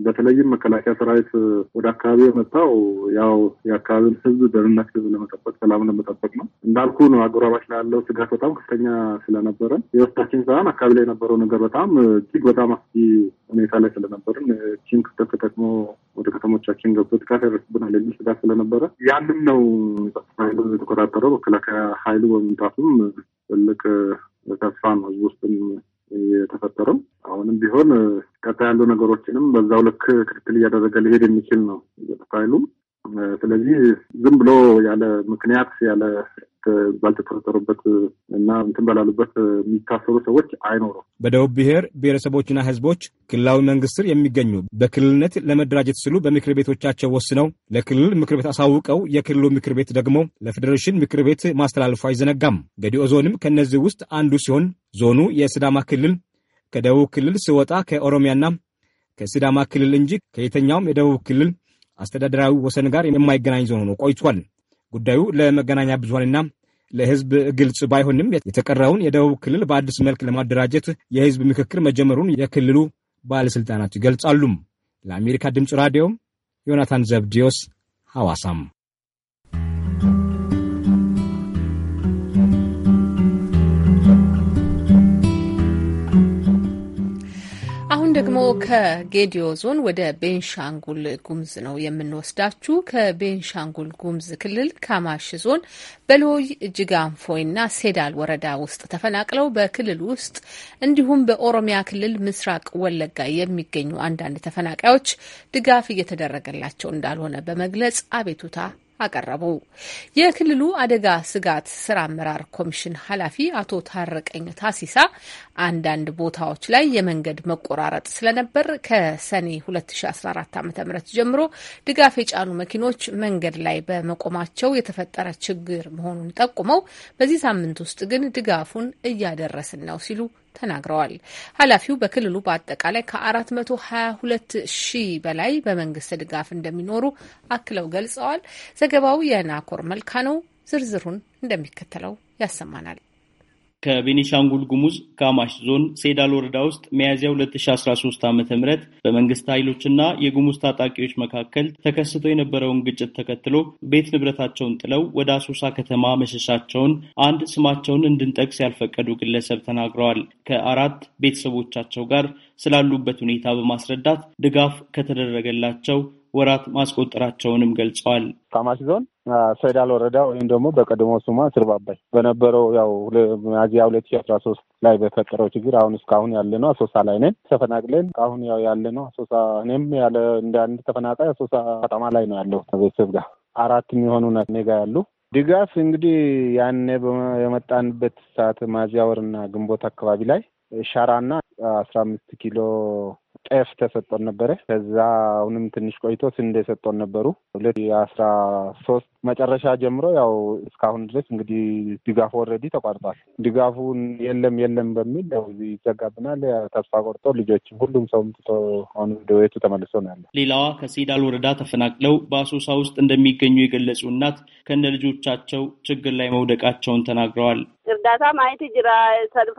በተለይም መከላከያ ሰራዊት ወደ አካባቢ የመጣው ያው የአካባቢውን ህዝብ ደህንነት ለመጠበቅ ሰላም ለመጠበቅ ነው። እንዳልኩ ነው አጎራባች ላይ ያለው ስጋት በጣም ከፍተኛ ስለነበረ የወስታችን ሰን አካባቢ ላይ የነበረው ነገር በጣም እጅግ በጣም አስጊ ሁኔታ ላይ ስለነበርን ቺን ክፍተት ተጠቅሞ ወደ ከተሞቻችን ገብቶ ጥቃት ያደርስብናል የሚል ስጋት ስለነበረ ያንም ነው ሀይሉ የተቆጣጠረው መከላከያ ሀይሉ በመምጣቱም ትልቅ ተስፋ ነው ህዝብ ውስጥም የተፈጠረው አሁንም ቢሆን ቀጣ ያሉ ነገሮችንም በዛው ልክ ክትትል እያደረገ ሊሄድ የሚችል ነው የጸጥታ ኃይሉ። ስለዚህ ዝም ብሎ ያለ ምክንያት ያለ ባልተጠረጠሩበት እና እንትን በላሉበት የሚታሰሩ ሰዎች አይኖሩም። በደቡብ ብሔር ብሔረሰቦችና ሕዝቦች ክልላዊ መንግስት ስር የሚገኙ በክልልነት ለመደራጀት ሲሉ በምክር ቤቶቻቸው ወስነው ለክልል ምክር ቤት አሳውቀው የክልሉ ምክር ቤት ደግሞ ለፌዴሬሽን ምክር ቤት ማስተላለፉ አይዘነጋም። ገዲኦ ዞንም ከእነዚህ ውስጥ አንዱ ሲሆን ዞኑ የስዳማ ክልል ከደቡብ ክልል ስወጣ ከኦሮሚያና ከሲዳማ ክልል እንጂ ከየተኛውም የደቡብ ክልል አስተዳደራዊ ወሰን ጋር የማይገናኝ ዞን ሆኖ ቆይቷል። ጉዳዩ ለመገናኛ ብዙሃንና ለሕዝብ ግልጽ ባይሆንም የተቀረውን የደቡብ ክልል በአዲስ መልክ ለማደራጀት የሕዝብ ምክክር መጀመሩን የክልሉ ባለሥልጣናት ይገልጻሉ። ለአሜሪካ ድምፅ ራዲዮ ዮናታን ዘብዲዮስ ሐዋሳም ደግሞ ከጌዲዮ ዞን ወደ ቤንሻንጉል ጉምዝ ነው የምንወስዳችሁ። ከቤንሻንጉል ጉምዝ ክልል ካማሽ ዞን በሎይ ጅጋንፎይና ሴዳል ወረዳ ውስጥ ተፈናቅለው በክልል ውስጥ እንዲሁም በኦሮሚያ ክልል ምስራቅ ወለጋ የሚገኙ አንዳንድ ተፈናቃዮች ድጋፍ እየተደረገላቸው እንዳልሆነ በመግለጽ አቤቱታ አቀረቡ። የክልሉ አደጋ ስጋት ስራ አመራር ኮሚሽን ኃላፊ አቶ ታረቀኝ ታሲሳ አንዳንድ ቦታዎች ላይ የመንገድ መቆራረጥ ስለነበር ከሰኔ 2014 ዓ ም ጀምሮ ድጋፍ የጫኑ መኪኖች መንገድ ላይ በመቆማቸው የተፈጠረ ችግር መሆኑን ጠቁመው በዚህ ሳምንት ውስጥ ግን ድጋፉን እያደረስን ነው ሲሉ ተናግረዋል። ኃላፊው በክልሉ በአጠቃላይ ከ422 ሺህ በላይ በመንግስት ድጋፍ እንደሚኖሩ አክለው ገልጸዋል። ዘገባው የናኮር መልካ ነው። ዝርዝሩን እንደሚከተለው ያሰማናል። ከቤኒሻንጉል ጉሙዝ ካማሽ ዞን ሴዳል ወረዳ ውስጥ ሚያዝያ 2013 ዓ ም በመንግስት ኃይሎችና የጉሙዝ ታጣቂዎች መካከል ተከስቶ የነበረውን ግጭት ተከትሎ ቤት ንብረታቸውን ጥለው ወደ አሶሳ ከተማ መሸሻቸውን አንድ ስማቸውን እንድንጠቅስ ያልፈቀዱ ግለሰብ ተናግረዋል። ከአራት ቤተሰቦቻቸው ጋር ስላሉበት ሁኔታ በማስረዳት ድጋፍ ከተደረገላቸው ወራት ማስቆጠራቸውንም ገልጸዋል። ካማሽ ዞን ሰዳል ወረዳ ወይም ደግሞ በቀድሞ ስሟ ስርባባይ በነበረው ያው ሚያዝያ ሁለት ሺ አስራ ሶስት ላይ በፈጠረው ችግር አሁን እስካሁን ያለ ነው አሶሳ ላይ ነን። ተፈናቅለን አሁን ያው ያለ ነው አሶሳ። እኔም ያለ እንደ አንድ ተፈናቃይ አሶሳ ከተማ ላይ ነው ያለው ቤተሰብ ጋር አራት የሚሆኑ እኔ ያሉ ድጋፍ እንግዲህ ያኔ የመጣንበት ሰዓት ሚያዝያ ወርና ግንቦት አካባቢ ላይ ሻራና አስራ አምስት ኪሎ ጤፍ ተሰጦን ነበረ። ከዛ አሁንም ትንሽ ቆይቶ ስንዴ ሰጦን ነበሩ። ሁለት አስራ ሶስት መጨረሻ ጀምሮ ያው እስካሁን ድረስ እንግዲህ ድጋፉ ኦልሬዲ ተቋርጧል። ድጋፉን የለም የለም በሚል ያው ይዘጋብናል። ተስፋ ቆርጦ ልጆች ሁሉም ሰው ትቶ አሁን ወደ ተመልሶ ነው ያለ። ሌላዋ ከሲዳል ወረዳ ተፈናቅለው በአሶሳ ውስጥ እንደሚገኙ የገለጹ እናት ከነ ልጆቻቸው ችግር ላይ መውደቃቸውን ተናግረዋል። እርዳታ ማየት ጅራ ሰልፈ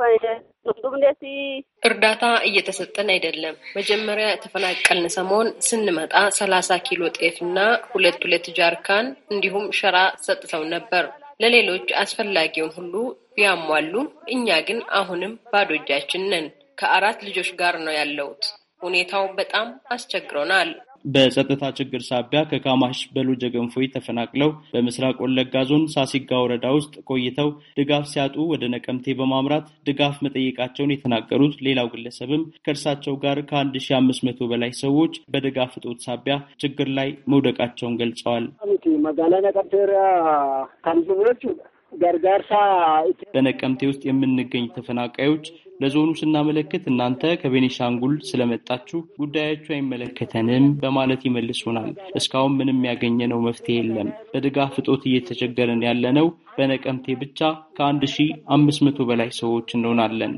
እርዳታ እየተሰጠን አይደለም። መጀመሪያ የተፈናቀልን ሰሞን ስንመጣ ሰላሳ ኪሎ ጤፍ እና ሁለት ሁለት ጃርካን እንዲሁም ሸራ ሰጥተው ነበር። ለሌሎች አስፈላጊውን ሁሉ ቢያሟሉም እኛ ግን አሁንም ባዶ እጃችን ነን። ከአራት ልጆች ጋር ነው ያለሁት። ሁኔታው በጣም አስቸግሮናል። በጸጥታ ችግር ሳቢያ ከካማሽ በሉጀ ገንፎይ ተፈናቅለው በምስራቅ ወለጋ ዞን ሳሲጋ ወረዳ ውስጥ ቆይተው ድጋፍ ሲያጡ ወደ ነቀምቴ በማምራት ድጋፍ መጠየቃቸውን የተናገሩት ሌላው ግለሰብም ከእርሳቸው ጋር ከ1500 በላይ ሰዎች በድጋፍ እጦት ሳቢያ ችግር ላይ መውደቃቸውን ገልጸዋል። በነቀምቴ ውስጥ የምንገኝ ተፈናቃዮች ለዞኑ ስናመለክት እናንተ ከቤኒሻንጉል ስለመጣችሁ ጉዳያችሁ አይመለከተንም በማለት ይመልሱናል። እስካሁን ምንም ያገኘነው መፍትሄ የለም። በድጋፍ እጦት እየተቸገረን ያለነው በነቀምቴ ብቻ ከአንድ ሺህ አምስት መቶ በላይ ሰዎች እንሆናለን።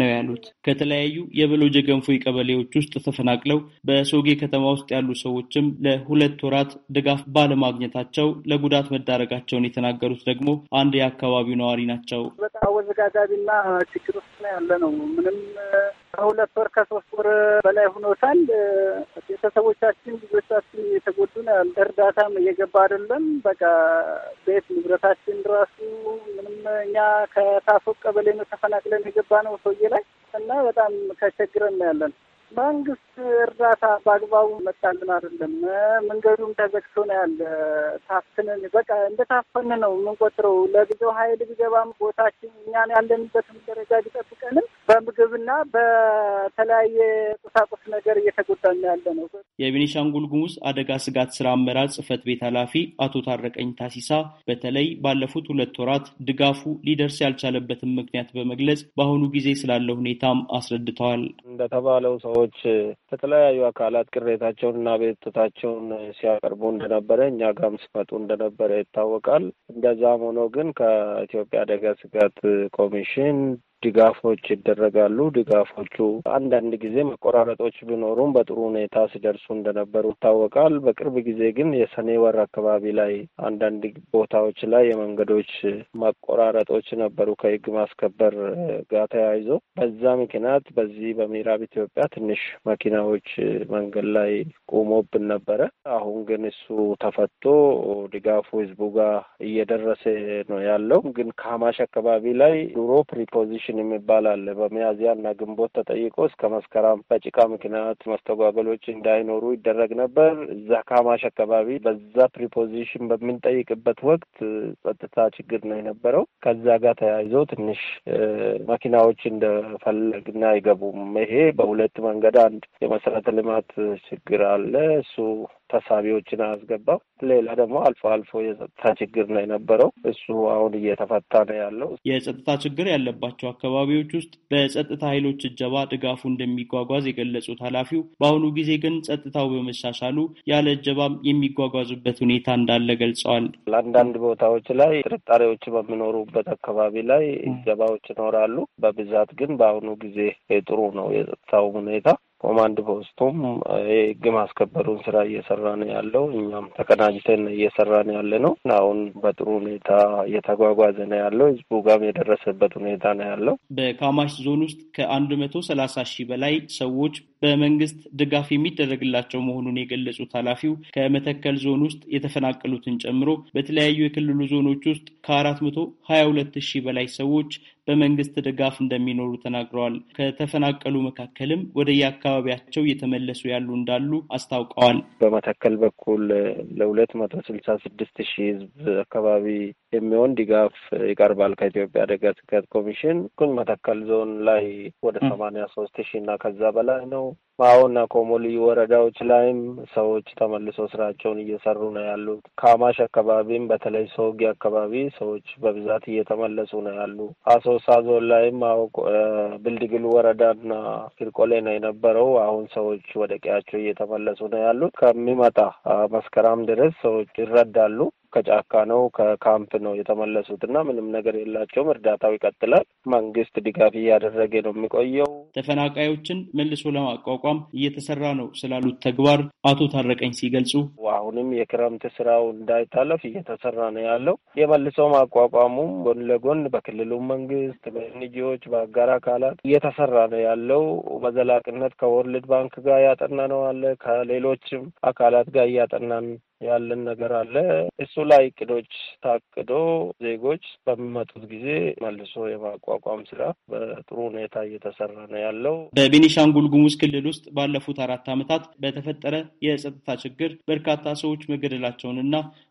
ነው ያሉት። ከተለያዩ የበሎጀ ገንፎይ ቀበሌዎች ውስጥ ተፈናቅለው በሶጌ ከተማ ውስጥ ያሉ ሰዎችም ለሁለት ወራት ድጋፍ ባለማግኘታቸው ለጉዳት መዳረጋቸውን የተናገሩት ደግሞ አንድ የአካባቢው ነዋሪ ናቸው። በጣም አወዘጋጋቢና ችግር ውስጥ ነው ያለ ነው። ምንም ከሁለት ወር ከሶስት ወር በላይ ሁኖታል። ቤተሰቦቻችን ልጆቻችን የተጎዱ ነው። እርዳታም እየገባ አይደለም። በቃ ቤት ንብረታችን ራሱ ምንም እኛ ከታፎቅ ቀበሌ ነው ተፈናቅለን የገባ ነው ሰውዬ ላይ እና በጣም ከቸግረን ነው ያለን። መንግስት እርዳታ በአግባቡ መጣልን አይደለም። መንገዱም ተዘግቶ ነው ያለ። ታፍንን በቃ ታፈን ነው የምንቆጥረው። ለጊዜው ኃይል ቢገባም ቦታችን እኛ ያለንበትም ደረጃ ቢጠብቀንም በምግብና በተለያየ ቁሳቁስ ነገር እየተጎዳን ያለ ነው። የቤኒሻንጉል ጉሙዝ አደጋ ስጋት ስራ አመራር ጽህፈት ቤት ኃላፊ አቶ ታረቀኝ ታሲሳ በተለይ ባለፉት ሁለት ወራት ድጋፉ ሊደርስ ያልቻለበትን ምክንያት በመግለጽ በአሁኑ ጊዜ ስላለ ሁኔታም አስረድተዋል። እንደተባለው ሰው ሰዎች ከተለያዩ አካላት ቅሬታቸውን እና ቤቶታቸውን ሲያቀርቡ እንደነበረ እኛ ጋም ሲመጡ እንደነበረ ይታወቃል። እንደዛም ሆኖ ግን ከኢትዮጵያ አደጋ ስጋት ኮሚሽን ድጋፎች ይደረጋሉ። ድጋፎቹ አንዳንድ ጊዜ መቆራረጦች ቢኖሩም በጥሩ ሁኔታ ሲደርሱ እንደነበሩ ይታወቃል። በቅርብ ጊዜ ግን የሰኔ ወር አካባቢ ላይ አንዳንድ ቦታዎች ላይ የመንገዶች መቆራረጦች ነበሩ ከህግ ማስከበር ጋር ተያይዞ በዛ ምክንያት በዚህ በምዕራብ ኢትዮጵያ ትንሽ መኪናዎች መንገድ ላይ ቆሞብን ነበረ። አሁን ግን እሱ ተፈቶ ድጋፉ ህዝቡ ጋር እየደረሰ ነው ያለው። ግን ከሀማሽ አካባቢ ላይ ድሮ ፕሪፖዚሽን ኮሚሽን የሚባል አለ። በሚያዝያና ግንቦት ተጠይቆ እስከ መስከረም በጭቃ ምክንያት መስተጓገሎች እንዳይኖሩ ይደረግ ነበር። እዛ ካማሽ አካባቢ በዛ ፕሪፖዚሽን በምንጠይቅበት ወቅት ጸጥታ ችግር ነው የነበረው። ከዛ ጋር ተያይዞ ትንሽ መኪናዎች እንደፈለግና አይገቡም። ይሄ በሁለት መንገድ አንድ የመሰረተ ልማት ችግር አለ እሱ ተሳቢዎችን አያስገባም። ሌላ ደግሞ አልፎ አልፎ የጸጥታ ችግር ነው የነበረው። እሱ አሁን እየተፈታ ነው ያለው። የጸጥታ ችግር ያለባቸው አካባቢዎች ውስጥ በጸጥታ ኃይሎች እጀባ ድጋፉ እንደሚጓጓዝ የገለጹት ኃላፊው፣ በአሁኑ ጊዜ ግን ጸጥታው በመሻሻሉ ያለ እጀባም የሚጓጓዙበት ሁኔታ እንዳለ ገልጸዋል። አንዳንድ ቦታዎች ላይ ጥርጣሬዎች በሚኖሩበት አካባቢ ላይ እጀባዎች ይኖራሉ። በብዛት ግን በአሁኑ ጊዜ ጥሩ ነው የጸጥታው ሁኔታ። ኮማንድ ፖስቱም የህግ ማስከበሩን ስራ እየሰራ ነው ያለው። እኛም ተቀናጅተን እየሰራ ነው ያለ ነው። አሁን በጥሩ ሁኔታ እየተጓጓዘ ነው ያለው። ህዝቡ ጋም የደረሰበት ሁኔታ ነው ያለው። በካማሽ ዞን ውስጥ ከአንድ መቶ ሰላሳ ሺህ በላይ ሰዎች በመንግስት ድጋፍ የሚደረግላቸው መሆኑን የገለጹት ኃላፊው ከመተከል ዞን ውስጥ የተፈናቀሉትን ጨምሮ በተለያዩ የክልሉ ዞኖች ውስጥ ከአራት መቶ ሀያ ሁለት ሺህ በላይ ሰዎች በመንግስት ድጋፍ እንደሚኖሩ ተናግረዋል። ከተፈናቀሉ መካከልም ወደየአካባቢያቸው እየተመለሱ ያሉ እንዳሉ አስታውቀዋል። በመተከል በኩል ለሁለት መቶ ስልሳ ስድስት ሺህ ህዝብ አካባቢ የሚሆን ድጋፍ ይቀርባል። ከኢትዮጵያ አደጋ ስጋት ኮሚሽን ኩን መተከል ዞን ላይ ወደ ሰማንያ ሶስት ሺ እና ከዛ በላይ ነው። ማኦና ኮሞሊ ወረዳዎች ላይም ሰዎች ተመልሶ ስራቸውን እየሰሩ ነው ያሉት። ካማሽ አካባቢም በተለይ ሶጊ አካባቢ ሰዎች በብዛት እየተመለሱ ነው ያሉ። አሶሳ ዞን ላይም ብልድግል ወረዳና ፊርቆሌ ነው የነበረው። አሁን ሰዎች ወደ ቀያቸው እየተመለሱ ነው ያሉት። ከሚመጣ መስከረም ድረስ ሰዎች ይረዳሉ። ከጫካ ነው ከካምፕ ነው የተመለሱት እና ምንም ነገር የላቸውም። እርዳታው ይቀጥላል። መንግስት ድጋፍ እያደረገ ነው የሚቆየው። ተፈናቃዮችን መልሶ ለማቋቋም እየተሰራ ነው ስላሉት ተግባር አቶ ታረቀኝ ሲገልጹ አሁንም የክረምት ስራው እንዳይታለፍ እየተሰራ ነው ያለው። የመልሶ ማቋቋሙም ጎን ለጎን በክልሉ መንግስት፣ በኤንጂዎች፣ በአጋር አካላት እየተሰራ ነው ያለው። በዘላቂነት ከወርልድ ባንክ ጋር ያጠና ነው አለ ከሌሎችም አካላት ጋር እያጠናን ያለን ነገር አለ። እሱ ላይ እቅዶች ታቅዶ ዜጎች በሚመጡት ጊዜ መልሶ የማቋቋም ስራ በጥሩ ሁኔታ እየተሰራ ነው ያለው። በቤኒሻንጉል ጉሙዝ ክልል ውስጥ ባለፉት አራት ዓመታት በተፈጠረ የጸጥታ ችግር በርካታ ሰዎች መገደላቸውንና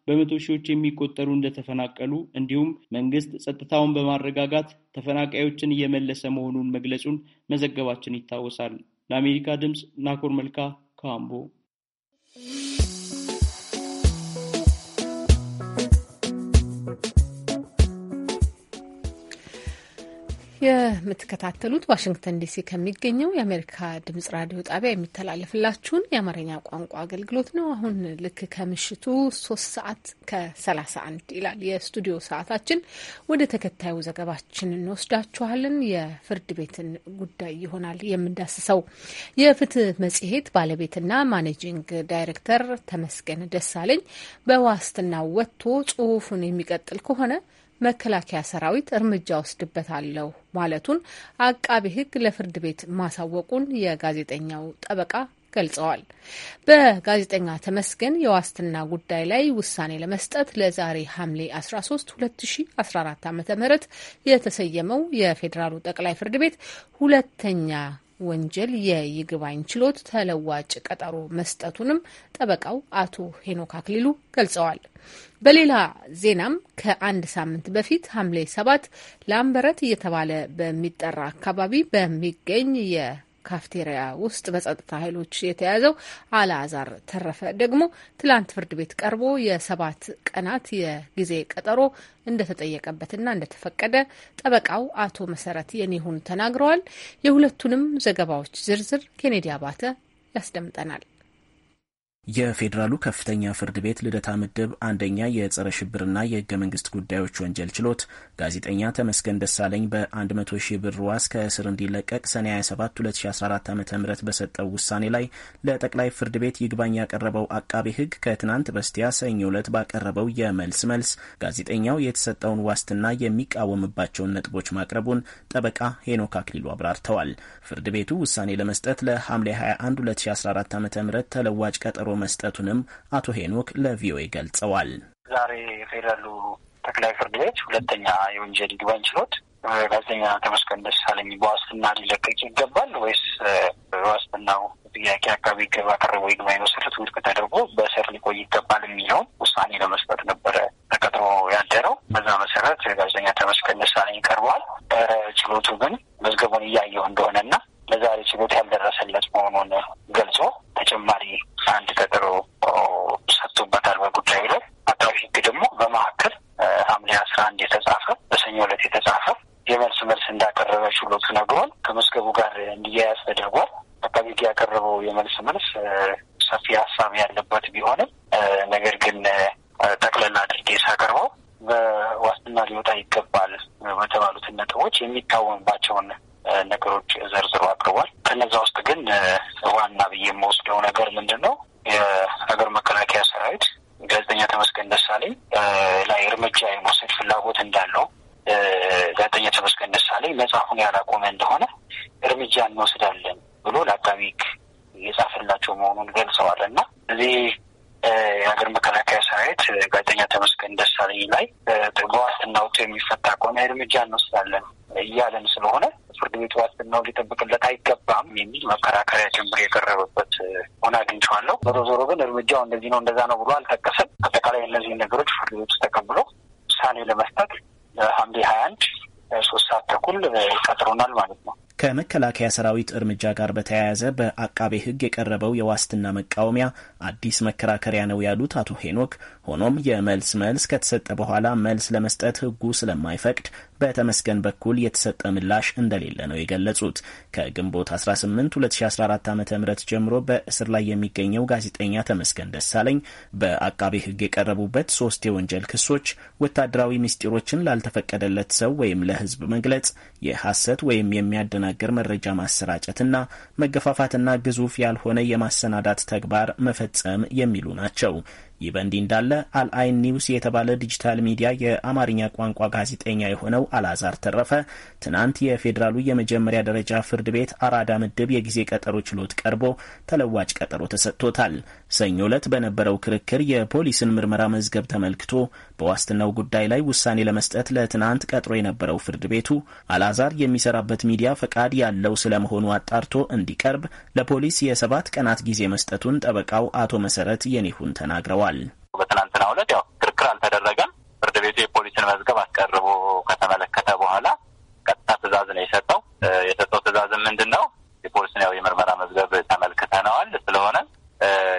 በመቶ ሺዎች የሚቆጠሩ እንደተፈናቀሉ እንዲሁም መንግስት ጸጥታውን በማረጋጋት ተፈናቃዮችን እየመለሰ መሆኑን መግለጹን መዘገባችን ይታወሳል። ለአሜሪካ ድምፅ ናኮር መልካ ካምቦ የምትከታተሉት ዋሽንግተን ዲሲ ከሚገኘው የአሜሪካ ድምጽ ራዲዮ ጣቢያ የሚተላለፍላችሁን የአማርኛ ቋንቋ አገልግሎት ነው። አሁን ልክ ከምሽቱ ሶስት ሰዓት ከሰላሳ አንድ ይላል የስቱዲዮ ሰዓታችን። ወደ ተከታዩ ዘገባችን እንወስዳችኋለን። የፍርድ ቤትን ጉዳይ ይሆናል የምንዳስሰው። የፍትህ መጽሔት ባለቤትና ማኔጂንግ ዳይሬክተር ተመስገን ደሳለኝ በዋስትና ወጥቶ ጽሁፉን የሚቀጥል ከሆነ መከላከያ ሰራዊት እርምጃ ወስድበታለሁ ማለቱን አቃቢ ሕግ ለፍርድ ቤት ማሳወቁን የጋዜጠኛው ጠበቃ ገልጸዋል። በጋዜጠኛ ተመስገን የዋስትና ጉዳይ ላይ ውሳኔ ለመስጠት ለዛሬ ሐምሌ 13 2014 ዓ ም የተሰየመው የፌዴራሉ ጠቅላይ ፍርድ ቤት ሁለተኛ ወንጀል የይግባኝ ችሎት ተለዋጭ ቀጠሮ መስጠቱንም ጠበቃው አቶ ሄኖክ አክሊሉ ገልጸዋል። በሌላ ዜናም ከአንድ ሳምንት በፊት ሐምሌ ሰባት ላምበረት እየተባለ በሚጠራ አካባቢ በሚገኝ የ ካፍቴሪያ ውስጥ በጸጥታ ኃይሎች የተያዘው አልአዛር ተረፈ ደግሞ ትላንት ፍርድ ቤት ቀርቦ የሰባት ቀናት የጊዜ ቀጠሮ እንደተጠየቀበትና እንደተፈቀደ ጠበቃው አቶ መሰረት የኒሁን ተናግረዋል። የሁለቱንም ዘገባዎች ዝርዝር ኬኔዲ አባተ ያስደምጠናል። የፌዴራሉ ከፍተኛ ፍርድ ቤት ልደታ ምድብ አንደኛ የጸረ ሽብርና የህገ መንግስት ጉዳዮች ወንጀል ችሎት ጋዜጠኛ ተመስገን ደሳለኝ በ100 ሺህ ብር ዋስ ከእስር እንዲለቀቅ ሰኔ 27 2014 ዓ ም በሰጠው ውሳኔ ላይ ለጠቅላይ ፍርድ ቤት ይግባኝ ያቀረበው አቃቤ ህግ ከትናንት በስቲያ ሰኞ ዕለት ባቀረበው የመልስ መልስ ጋዜጠኛው የተሰጠውን ዋስትና የሚቃወምባቸውን ነጥቦች ማቅረቡን ጠበቃ ሄኖክ አክሊሉ አብራርተዋል። ፍርድ ቤቱ ውሳኔ ለመስጠት ለሐምሌ 21 2014 ዓ ም ተለዋጭ ቀጠሮ መስጠቱንም አቶ ሄኖክ ለቪኦኤ ገልጸዋል። ዛሬ የፌደራሉ ጠቅላይ ፍርድ ቤት ሁለተኛ የወንጀል ይግባኝ ችሎት ጋዜጠኛ ተመስገን ደሳለኝ በዋስትና ሊለቀቅ ይገባል ወይስ በዋስትናው ጥያቄ አቃቤ ሕግ ባቀረበው ይግባኝ መሰረት ውድቅ ተደርጎ በእስር ሊቆይ ይገባል የሚለውን ውሳኔ ለመስጠት ነበረ ተቀጥሮ ያደረው። በዛ መሰረት ጋዜጠኛ ተመስገን ደሳለኝ ቀርበዋል። ችሎቱ ግን መዝገቡን እያየው እንደሆነና ለዛሬ ችሎት ያልደረሰለት መሆኑን ገልጾ ተጨማሪ አንድ ቀጠሮ ሰጥቶበታል። በጉዳዩ ላይ አቃቤ ሕግ ደግሞ በመካከል ሐምሌ አስራ አንድ የተጻፈ በሰኞ ዕለት የተጻፈ የመልስ መልስ እንዳቀረበ ችሎቱ ነግሮን ከመዝገቡ ጋር እንዲያያዝ ተደርጓል። አቃቤ ሕግ ያቀረበው የመልስ መልስ ሰፊ ሀሳብ ያለበት ቢሆንም ነው እንደዛ ነው ብሎ አልጠቀሰም። አጠቃላይ እነዚህ ነገሮች ፍርድ ቤቱ ተቀብሎ ውሳኔ ለመስጠት ለሐምሌ ሀያ አንድ ሶስት ሰዓት ተኩል ቀጥሮናል ማለት ነው። ከመከላከያ ሰራዊት እርምጃ ጋር በተያያዘ በአቃቤ ሕግ የቀረበው የዋስትና መቃወሚያ አዲስ መከራከሪያ ነው ያሉት አቶ ሄኖክ፣ ሆኖም የመልስ መልስ ከተሰጠ በኋላ መልስ ለመስጠት ሕጉ ስለማይፈቅድ በተመስገን በኩል የተሰጠ ምላሽ እንደሌለ ነው የገለጹት። ከግንቦት 18 2014 ዓ ም ጀምሮ በእስር ላይ የሚገኘው ጋዜጠኛ ተመስገን ደሳለኝ በአቃቤ ሕግ የቀረቡበት ሶስት የወንጀል ክሶች ወታደራዊ ምስጢሮችን ላልተፈቀደለት ሰው ወይም ለሕዝብ መግለጽ፣ የሐሰት ወይም የሚያደናግር መረጃ ማሰራጨትና መገፋፋትና ግዙፍ ያልሆነ የማሰናዳት ተግባር መፈጸም የሚሉ ናቸው። ይህ በእንዲህ እንዳለ አልአይን ኒውስ የተባለ ዲጂታል ሚዲያ የአማርኛ ቋንቋ ጋዜጠኛ የሆነው አላዛር ተረፈ ትናንት የፌዴራሉ የመጀመሪያ ደረጃ ፍርድ ቤት አራዳ ምድብ የጊዜ ቀጠሮ ችሎት ቀርቦ ተለዋጭ ቀጠሮ ተሰጥቶታል። ሰኞ ዕለት በነበረው ክርክር የፖሊስን ምርመራ መዝገብ ተመልክቶ በዋስትናው ጉዳይ ላይ ውሳኔ ለመስጠት ለትናንት ቀጥሮ የነበረው ፍርድ ቤቱ አላዛር የሚሰራበት ሚዲያ ፈቃድ ያለው ስለመሆኑ አጣርቶ እንዲቀርብ ለፖሊስ የሰባት ቀናት ጊዜ መስጠቱን ጠበቃው አቶ መሰረት የኔሁን ተናግረዋል። በትናንትናው ዕለት ያው የፖሊስን መዝገብ አስቀርቦ ከተመለከተ በኋላ ቀጥታ ትእዛዝ ነው የሰጠው። የሰጠው ትእዛዝ ምንድን ነው? የፖሊስን ያው የምርመራ መዝገብ ተመልክተነዋል። ስለሆነ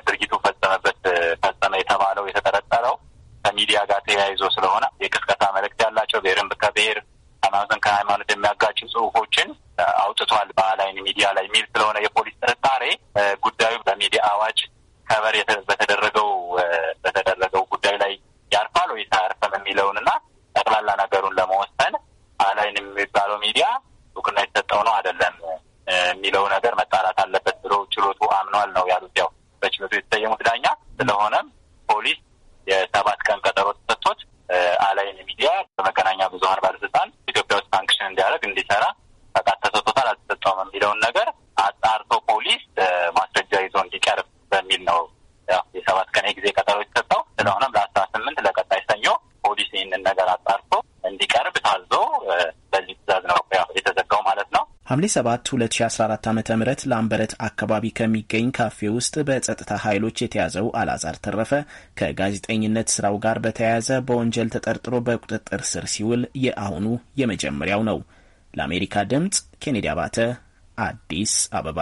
ድርጊቱ ፈጸመበት ፈጸመ የተባለው የተጠረጠረው ከሚዲያ ጋር ተያይዞ ስለሆነ የቅስቀሳ መልእክት ያላቸው ብሔርን ከብሔር ሃይማኖትን ከሃይማኖት የሚያጋጭ ጽሁፎችን አውጥቷል በአላይን ሚዲያ ላይ የሚል ስለሆነ የፖሊስ ጥርጣሬ ጉዳዩ በሚዲያ አዋጅ ከበር 7 2014 ዓ ም ላምበረት አካባቢ ከሚገኝ ካፌ ውስጥ በጸጥታ ኃይሎች የተያዘው አላዛር ተረፈ ከጋዜጠኝነት ስራው ጋር በተያያዘ በወንጀል ተጠርጥሮ በቁጥጥር ስር ሲውል የአሁኑ የመጀመሪያው ነው። ለአሜሪካ ድምፅ ኬኔዲ አባተ አዲስ አበባ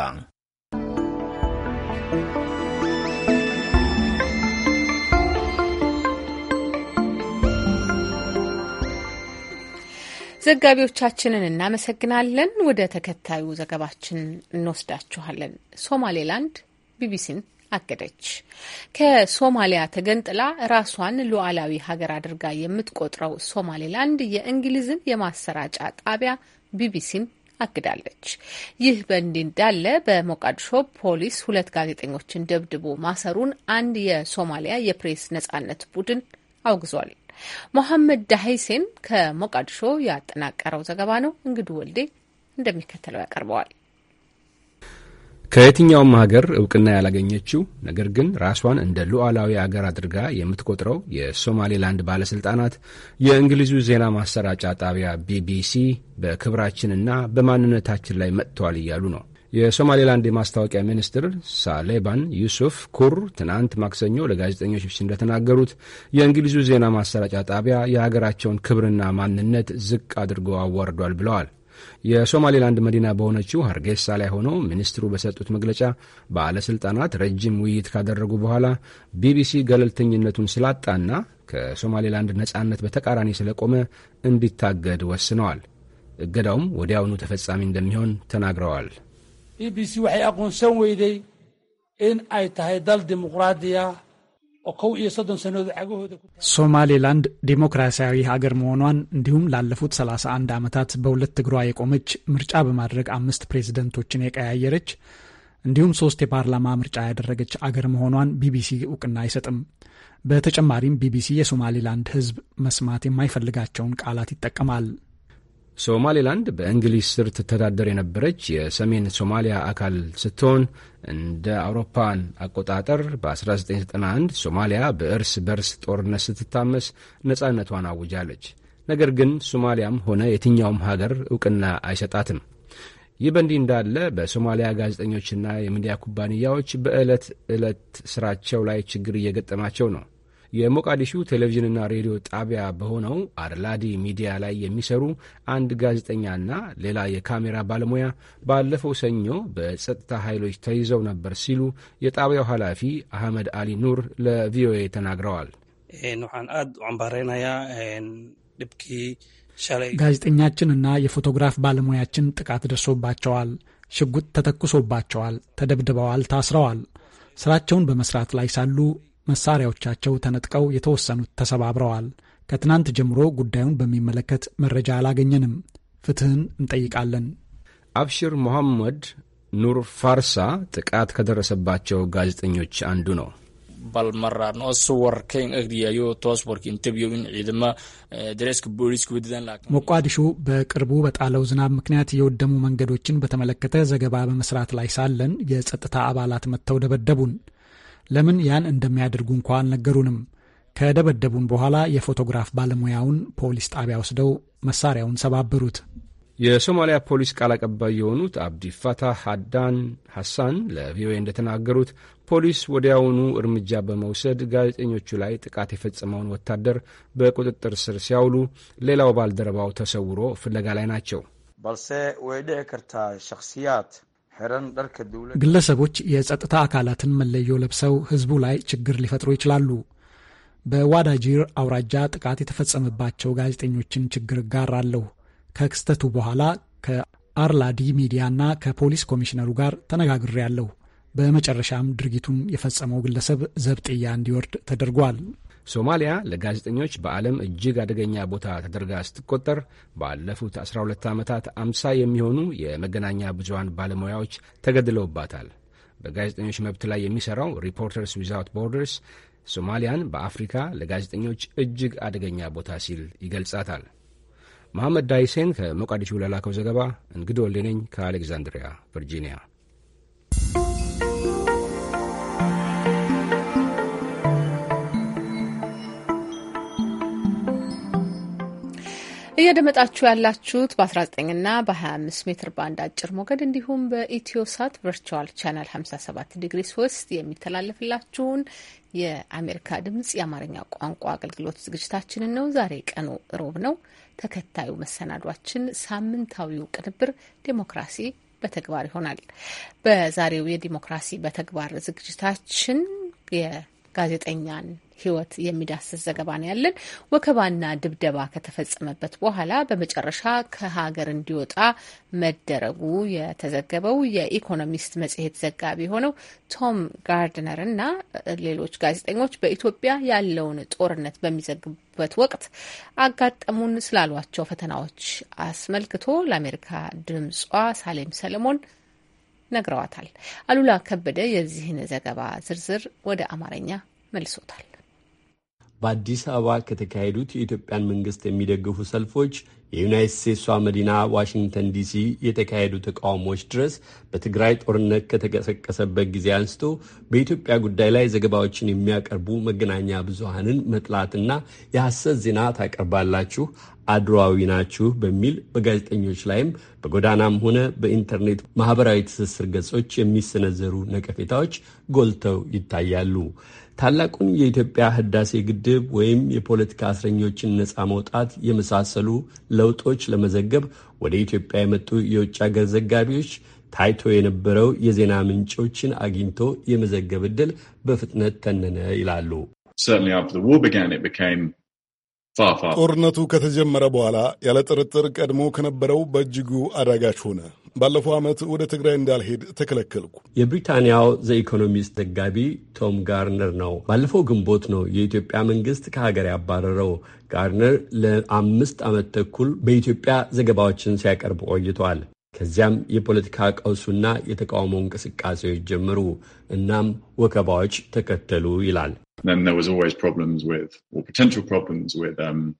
ዘጋቢዎቻችንን እናመሰግናለን። ወደ ተከታዩ ዘገባችን እንወስዳችኋለን። ሶማሌላንድ ቢቢሲን አገደች። ከሶማሊያ ተገንጥላ ራሷን ሉዓላዊ ሀገር አድርጋ የምትቆጥረው ሶማሌላንድ የእንግሊዝን የማሰራጫ ጣቢያ ቢቢሲን አግዳለች። ይህ በእንዲህ እንዳለ በሞቃዲሾ ፖሊስ ሁለት ጋዜጠኞችን ደብድቦ ማሰሩን አንድ የሶማሊያ የፕሬስ ነጻነት ቡድን አውግዟል። ሞሐመድ ዳሄሴን ከሞቃዲሾ ያጠናቀረው ዘገባ ነው። እንግዱ ወልዴ እንደሚከተለው ያቀርበዋል። ከየትኛውም ሀገር እውቅና ያላገኘችው ነገር ግን ራሷን እንደ ሉዓላዊ አገር አድርጋ የምትቆጥረው የሶማሌላንድ ባለሥልጣናት የእንግሊዙ ዜና ማሰራጫ ጣቢያ ቢቢሲ በክብራችንና በማንነታችን ላይ መጥተዋል እያሉ ነው። የሶማሌላንድ የማስታወቂያ ሚኒስትር ሳሌባን ዩሱፍ ኩር ትናንት ማክሰኞ ለጋዜጠኞች እንደተናገሩት የእንግሊዙ ዜና ማሰራጫ ጣቢያ የሀገራቸውን ክብርና ማንነት ዝቅ አድርጎ አዋርዷል ብለዋል። የሶማሌላንድ መዲና በሆነችው ሀርጌሳ ላይ ሆነው ሚኒስትሩ በሰጡት መግለጫ ባለሥልጣናት ረጅም ውይይት ካደረጉ በኋላ ቢቢሲ ገለልተኝነቱን ስላጣና ከሶማሌላንድ ነጻነት በተቃራኒ ስለቆመ እንዲታገድ ወስነዋል። እገዳውም ወዲያውኑ ተፈጻሚ እንደሚሆን ተናግረዋል። e b c waxay aqoonsan weyday in ay tahay dal dimuqraadiya oo kow iyo soddon sannadood cagahooda ሶማሌላንድ ዲሞክራሲያዊ ሀገር መሆኗን እንዲሁም ላለፉት 31 ዓመታት በሁለት እግሯ የቆመች ምርጫ በማድረግ አምስት ፕሬዝደንቶችን የቀያየረች እንዲሁም ሶስት የፓርላማ ምርጫ ያደረገች አገር መሆኗን ቢቢሲ እውቅና አይሰጥም። በተጨማሪም ቢቢሲ የሶማሌላንድ ሕዝብ መስማት የማይፈልጋቸውን ቃላት ይጠቀማል። ሶማሌላንድ በእንግሊዝ ስር ትተዳደር የነበረች የሰሜን ሶማሊያ አካል ስትሆን እንደ አውሮፓን አቆጣጠር በ1991 ሶማሊያ በእርስ በርስ ጦርነት ስትታመስ ነፃነቷን አውጃለች። ነገር ግን ሶማሊያም ሆነ የትኛውም ሀገር እውቅና አይሰጣትም። ይህ በእንዲህ እንዳለ በሶማሊያ ጋዜጠኞችና የሚዲያ ኩባንያዎች በዕለት ዕለት ስራቸው ላይ ችግር እየገጠማቸው ነው። የሞቃዲሹ ቴሌቪዥንና ሬዲዮ ጣቢያ በሆነው አርላዲ ሚዲያ ላይ የሚሰሩ አንድ ጋዜጠኛና ሌላ የካሜራ ባለሙያ ባለፈው ሰኞ በጸጥታ ኃይሎች ተይዘው ነበር ሲሉ የጣቢያው ኃላፊ አህመድ አሊ ኑር ለቪኦኤ ተናግረዋል። ጋዜጠኛችንና የፎቶግራፍ ባለሙያችን ጥቃት ደርሶባቸዋል። ሽጉጥ ተተኩሶባቸዋል፣ ተደብድበዋል፣ ታስረዋል። ስራቸውን በመስራት ላይ ሳሉ መሳሪያዎቻቸው ተነጥቀው የተወሰኑት ተሰባብረዋል። ከትናንት ጀምሮ ጉዳዩን በሚመለከት መረጃ አላገኘንም። ፍትህን እንጠይቃለን። አብሽር ሞሐመድ ኑር ፋርሳ ጥቃት ከደረሰባቸው ጋዜጠኞች አንዱ ነው። ሞቃዲሾ በቅርቡ በጣለው ዝናብ ምክንያት የወደሙ መንገዶችን በተመለከተ ዘገባ በመስራት ላይ ሳለን የጸጥታ አባላት መጥተው ደበደቡን። ለምን ያን እንደሚያደርጉ እንኳ አልነገሩንም። ከደበደቡን በኋላ የፎቶግራፍ ባለሙያውን ፖሊስ ጣቢያ ወስደው መሳሪያውን ሰባበሩት። የሶማሊያ ፖሊስ ቃል አቀባይ የሆኑት አብዲፋታህ ሀዳን ሐሳን ለቪኦኤ እንደተናገሩት ፖሊስ ወዲያውኑ እርምጃ በመውሰድ ጋዜጠኞቹ ላይ ጥቃት የፈጸመውን ወታደር በቁጥጥር ስር ሲያውሉ፣ ሌላው ባልደረባው ተሰውሮ ፍለጋ ላይ ናቸው። ባልሴ ወይ ድዕ ከርታ ሸክስያት ግለሰቦች የጸጥታ አካላትን መለዮ ለብሰው ህዝቡ ላይ ችግር ሊፈጥሩ ይችላሉ። በዋዳጂር አውራጃ ጥቃት የተፈጸመባቸው ጋዜጠኞችን ችግር እጋራለሁ። ከክስተቱ በኋላ ከአርላዲ ሚዲያና ከፖሊስ ኮሚሽነሩ ጋር ተነጋግሬያለሁ። በመጨረሻም ድርጊቱን የፈጸመው ግለሰብ ዘብጥያ እንዲወርድ ተደርጓል። ሶማሊያ ለጋዜጠኞች በዓለም እጅግ አደገኛ ቦታ ተደርጋ ስትቆጠር ባለፉት 12 ዓመታት አምሳ የሚሆኑ የመገናኛ ብዙሃን ባለሙያዎች ተገድለውባታል። በጋዜጠኞች መብት ላይ የሚሠራው ሪፖርተርስ ዊዛውት ቦርደርስ ሶማሊያን በአፍሪካ ለጋዜጠኞች እጅግ አደገኛ ቦታ ሲል ይገልጻታል። መሐመድ ዳይሴን ከሞቃዲሹ ለላከው ዘገባ እንግዶ ሌነኝ ከአሌክዛንድሪያ ቨርጂኒያ እያደመጣችሁ ያላችሁት በ19ና በ25 ሜትር ባንድ አጭር ሞገድ እንዲሁም ሳት ቨርቹዋል ቻናል 57 ዲግሪ 3 የሚተላለፍላችሁን የአሜሪካ ድምጽ የአማርኛ ቋንቋ አገልግሎት ዝግጅታችንን ነው። ዛሬ ቀኑ ሮብ ነው። ተከታዩ መሰናዷችን ሳምንታዊው ቅንብር ዴሞክራሲ በተግባር ይሆናል። በዛሬው የዲሞክራሲ በተግባር ዝግጅታችን የጋዜጠኛን ህይወት የሚዳስስ ዘገባ ነው ያለን። ወከባና ድብደባ ከተፈጸመበት በኋላ በመጨረሻ ከሀገር እንዲወጣ መደረጉ የተዘገበው የኢኮኖሚስት መጽሔት ዘጋቢ የሆነው ቶም ጋርድነር እና ሌሎች ጋዜጠኞች በኢትዮጵያ ያለውን ጦርነት በሚዘግቡበት ወቅት አጋጠሙን ስላሏቸው ፈተናዎች አስመልክቶ ለአሜሪካ ድምጿ ሳሌም ሰለሞን ነግረዋታል። አሉላ ከበደ የዚህን ዘገባ ዝርዝር ወደ አማርኛ መልሶታል። በአዲስ አበባ ከተካሄዱት የኢትዮጵያን መንግስት የሚደግፉ ሰልፎች የዩናይት ስቴትሷ መዲና ዋሽንግተን ዲሲ የተካሄዱ ተቃውሞዎች ድረስ በትግራይ ጦርነት ከተቀሰቀሰበት ጊዜ አንስቶ በኢትዮጵያ ጉዳይ ላይ ዘገባዎችን የሚያቀርቡ መገናኛ ብዙሃንን መጥላትና የሐሰት ዜና ታቀርባላችሁ፣ አድሯዊ ናችሁ በሚል በጋዜጠኞች ላይም በጎዳናም ሆነ በኢንተርኔት ማህበራዊ ትስስር ገጾች የሚሰነዘሩ ነቀፌታዎች ጎልተው ይታያሉ። ታላቁን የኢትዮጵያ ህዳሴ ግድብ ወይም የፖለቲካ እስረኞችን ነፃ መውጣት የመሳሰሉ ለውጦች ለመዘገብ ወደ ኢትዮጵያ የመጡ የውጭ ሀገር ዘጋቢዎች ታይቶ የነበረው የዜና ምንጮችን አግኝቶ የመዘገብ እድል በፍጥነት ተነነ ይላሉ። ጦርነቱ ከተጀመረ በኋላ ያለ ጥርጥር ቀድሞ ከነበረው በእጅጉ አዳጋች ሆነ። ባለፈው ዓመት ወደ ትግራይ እንዳልሄድ ተከለከልኩ። የብሪታንያው ዘኢኮኖሚስት ዘጋቢ ቶም ጋርነር ነው። ባለፈው ግንቦት ነው የኢትዮጵያ መንግስት ከሀገር ያባረረው። ጋርነር ለአምስት ዓመት ተኩል በኢትዮጵያ ዘገባዎችን ሲያቀርብ ቆይቷል። ከዚያም የፖለቲካ ቀውሱና የተቃውሞ እንቅስቃሴዎች ጀመሩ። እናም ወከባዎች ተከተሉ ይላል።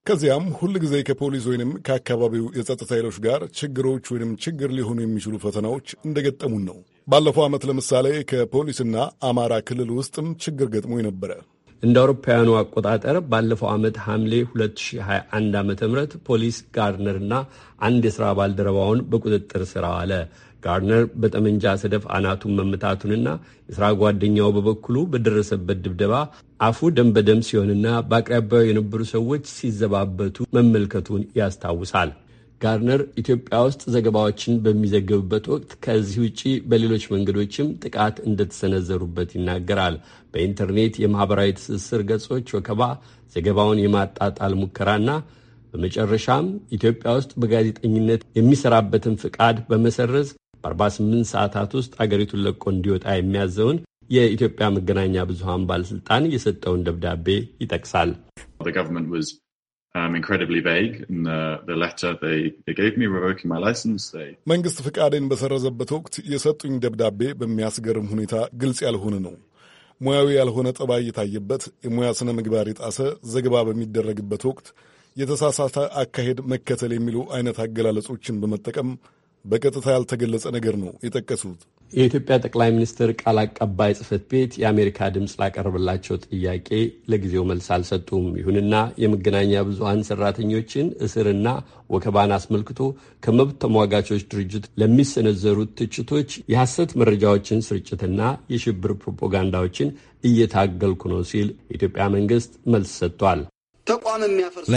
ከዚያም ሁል ጊዜ ከፖሊስ ወይንም ከአካባቢው የጸጥታ ኃይሎች ጋር ችግሮች ወይንም ችግር ሊሆኑ የሚችሉ ፈተናዎች እንደገጠሙን ነው። ባለፈው ዓመት ለምሳሌ ከፖሊስና አማራ ክልል ውስጥም ችግር ገጥሞ ነበረ። እንደ አውሮፓውያኑ አቆጣጠር ባለፈው ዓመት ሐምሌ 2021 ዓ ም ፖሊስ ጋርነርና አንድ የሥራ ባልደረባውን በቁጥጥር ስር አዋለ። ጋርነር በጠመንጃ ሰደፍ አናቱን መመታቱንና የስራ ጓደኛው በበኩሉ በደረሰበት ድብደባ አፉ ደም በደም ሲሆንና በአቅራቢያው የነበሩ ሰዎች ሲዘባበቱ መመልከቱን ያስታውሳል። ጋርነር ኢትዮጵያ ውስጥ ዘገባዎችን በሚዘግብበት ወቅት ከዚህ ውጪ በሌሎች መንገዶችም ጥቃት እንደተሰነዘሩበት ይናገራል። በኢንተርኔት የማህበራዊ ትስስር ገጾች ወከባ፣ ዘገባውን የማጣጣል ሙከራና በመጨረሻም ኢትዮጵያ ውስጥ በጋዜጠኝነት የሚሰራበትን ፍቃድ በመሰረዝ በ48 ሰዓታት ውስጥ አገሪቱን ለቆ እንዲወጣ የሚያዘውን የኢትዮጵያ መገናኛ ብዙሃን ባለስልጣን የሰጠውን ደብዳቤ ይጠቅሳል። um, መንግስት ፍቃዴን በሰረዘበት ወቅት የሰጡኝ ደብዳቤ በሚያስገርም ሁኔታ ግልጽ ያልሆነ ነው። ሙያዊ ያልሆነ ጠባይ የታየበት፣ የሙያ ስነ ምግባር የጣሰ ዘገባ በሚደረግበት ወቅት የተሳሳተ አካሄድ መከተል የሚሉ አይነት አገላለጾችን በመጠቀም በቀጥታ ያልተገለጸ ነገር ነው የጠቀሱት። የኢትዮጵያ ጠቅላይ ሚኒስትር ቃል አቀባይ ጽህፈት ቤት የአሜሪካ ድምፅ ላቀረበላቸው ጥያቄ ለጊዜው መልስ አልሰጡም። ይሁንና የመገናኛ ብዙሀን ሰራተኞችን እስርና ወከባን አስመልክቶ ከመብት ተሟጋቾች ድርጅት ለሚሰነዘሩት ትችቶች የሐሰት መረጃዎችን ስርጭትና የሽብር ፕሮፓጋንዳዎችን እየታገልኩ ነው ሲል የኢትዮጵያ መንግስት መልስ ሰጥቷል። ብሔራዊ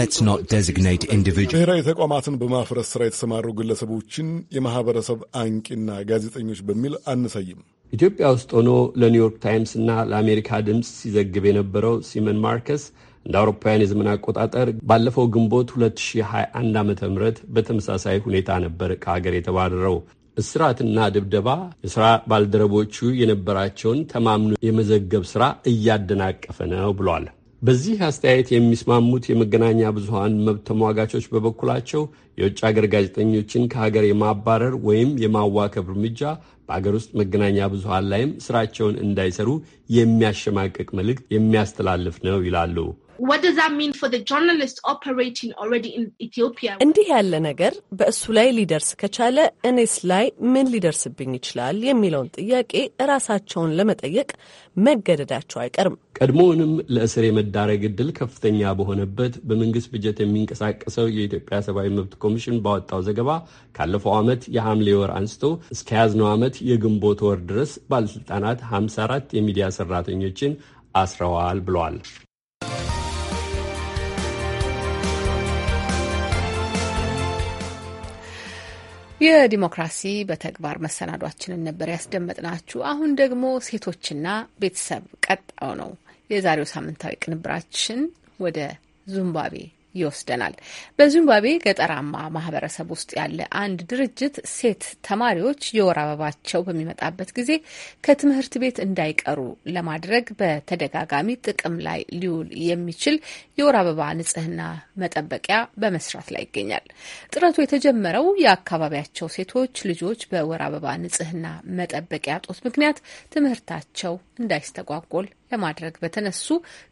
ተቋማትን በማፍረስ ስራ የተሰማሩ ግለሰቦችን የማህበረሰብ አንቂና ጋዜጠኞች በሚል አንሰይም። ኢትዮጵያ ውስጥ ሆኖ ለኒውዮርክ ታይምስ እና ለአሜሪካ ድምፅ ሲዘግብ የነበረው ሲመን ማርከስ እንደ አውሮፓውያን የዘመን አቆጣጠር ባለፈው ግንቦት 2021 ዓ ም በተመሳሳይ ሁኔታ ነበር ከሀገር የተባረረው። እስራትና ድብደባ የስራ ባልደረቦቹ የነበራቸውን ተማምኖ የመዘገብ ስራ እያደናቀፈ ነው ብሏል። በዚህ አስተያየት የሚስማሙት የመገናኛ ብዙሀን መብት ተሟጋቾች በበኩላቸው የውጭ ሀገር ጋዜጠኞችን ከሀገር የማባረር ወይም የማዋከብ እርምጃ በሀገር ውስጥ መገናኛ ብዙሀን ላይም ስራቸውን እንዳይሰሩ የሚያሸማቅቅ መልእክት የሚያስተላልፍ ነው ይላሉ። እንዲህ ያለ ነገር በእሱ ላይ ሊደርስ ከቻለ እኔስ ላይ ምን ሊደርስብኝ ይችላል የሚለውን ጥያቄ ራሳቸውን ለመጠየቅ መገደዳቸው አይቀርም። ቀድሞውንም ለእስር የመዳረግ ዕድል ከፍተኛ በሆነበት በመንግስት በጀት የሚንቀሳቀሰው የኢትዮጵያ ሰብአዊ መብት ኮሚሽን ባወጣው ዘገባ ካለፈው ዓመት የሐምሌ ወር አንስቶ እስከ ያዝነው ዓመት የግንቦት ወር ድረስ ባለሥልጣናት 54 የሚዲያ ሰራተኞችን አስረዋል ብለዋል። የዲሞክራሲ በተግባር መሰናዷችንን ነበር ያስደመጥናችሁ። አሁን ደግሞ ሴቶችና ቤተሰብ ቀጣው ነው። የዛሬው ሳምንታዊ ቅንብራችን ወደ ዙምባቤ ይወስደናል። በዚምባብዌ ገጠራማ ማህበረሰብ ውስጥ ያለ አንድ ድርጅት ሴት ተማሪዎች የወር አበባቸው በሚመጣበት ጊዜ ከትምህርት ቤት እንዳይቀሩ ለማድረግ በተደጋጋሚ ጥቅም ላይ ሊውል የሚችል የወር አበባ ንጽህና መጠበቂያ በመስራት ላይ ይገኛል። ጥረቱ የተጀመረው የአካባቢያቸው ሴቶች ልጆች በወር አበባ ንጽህና መጠበቂያ ጦት ምክንያት ትምህርታቸው እንዳይስተጓጎል ለማድረግ በተነሱ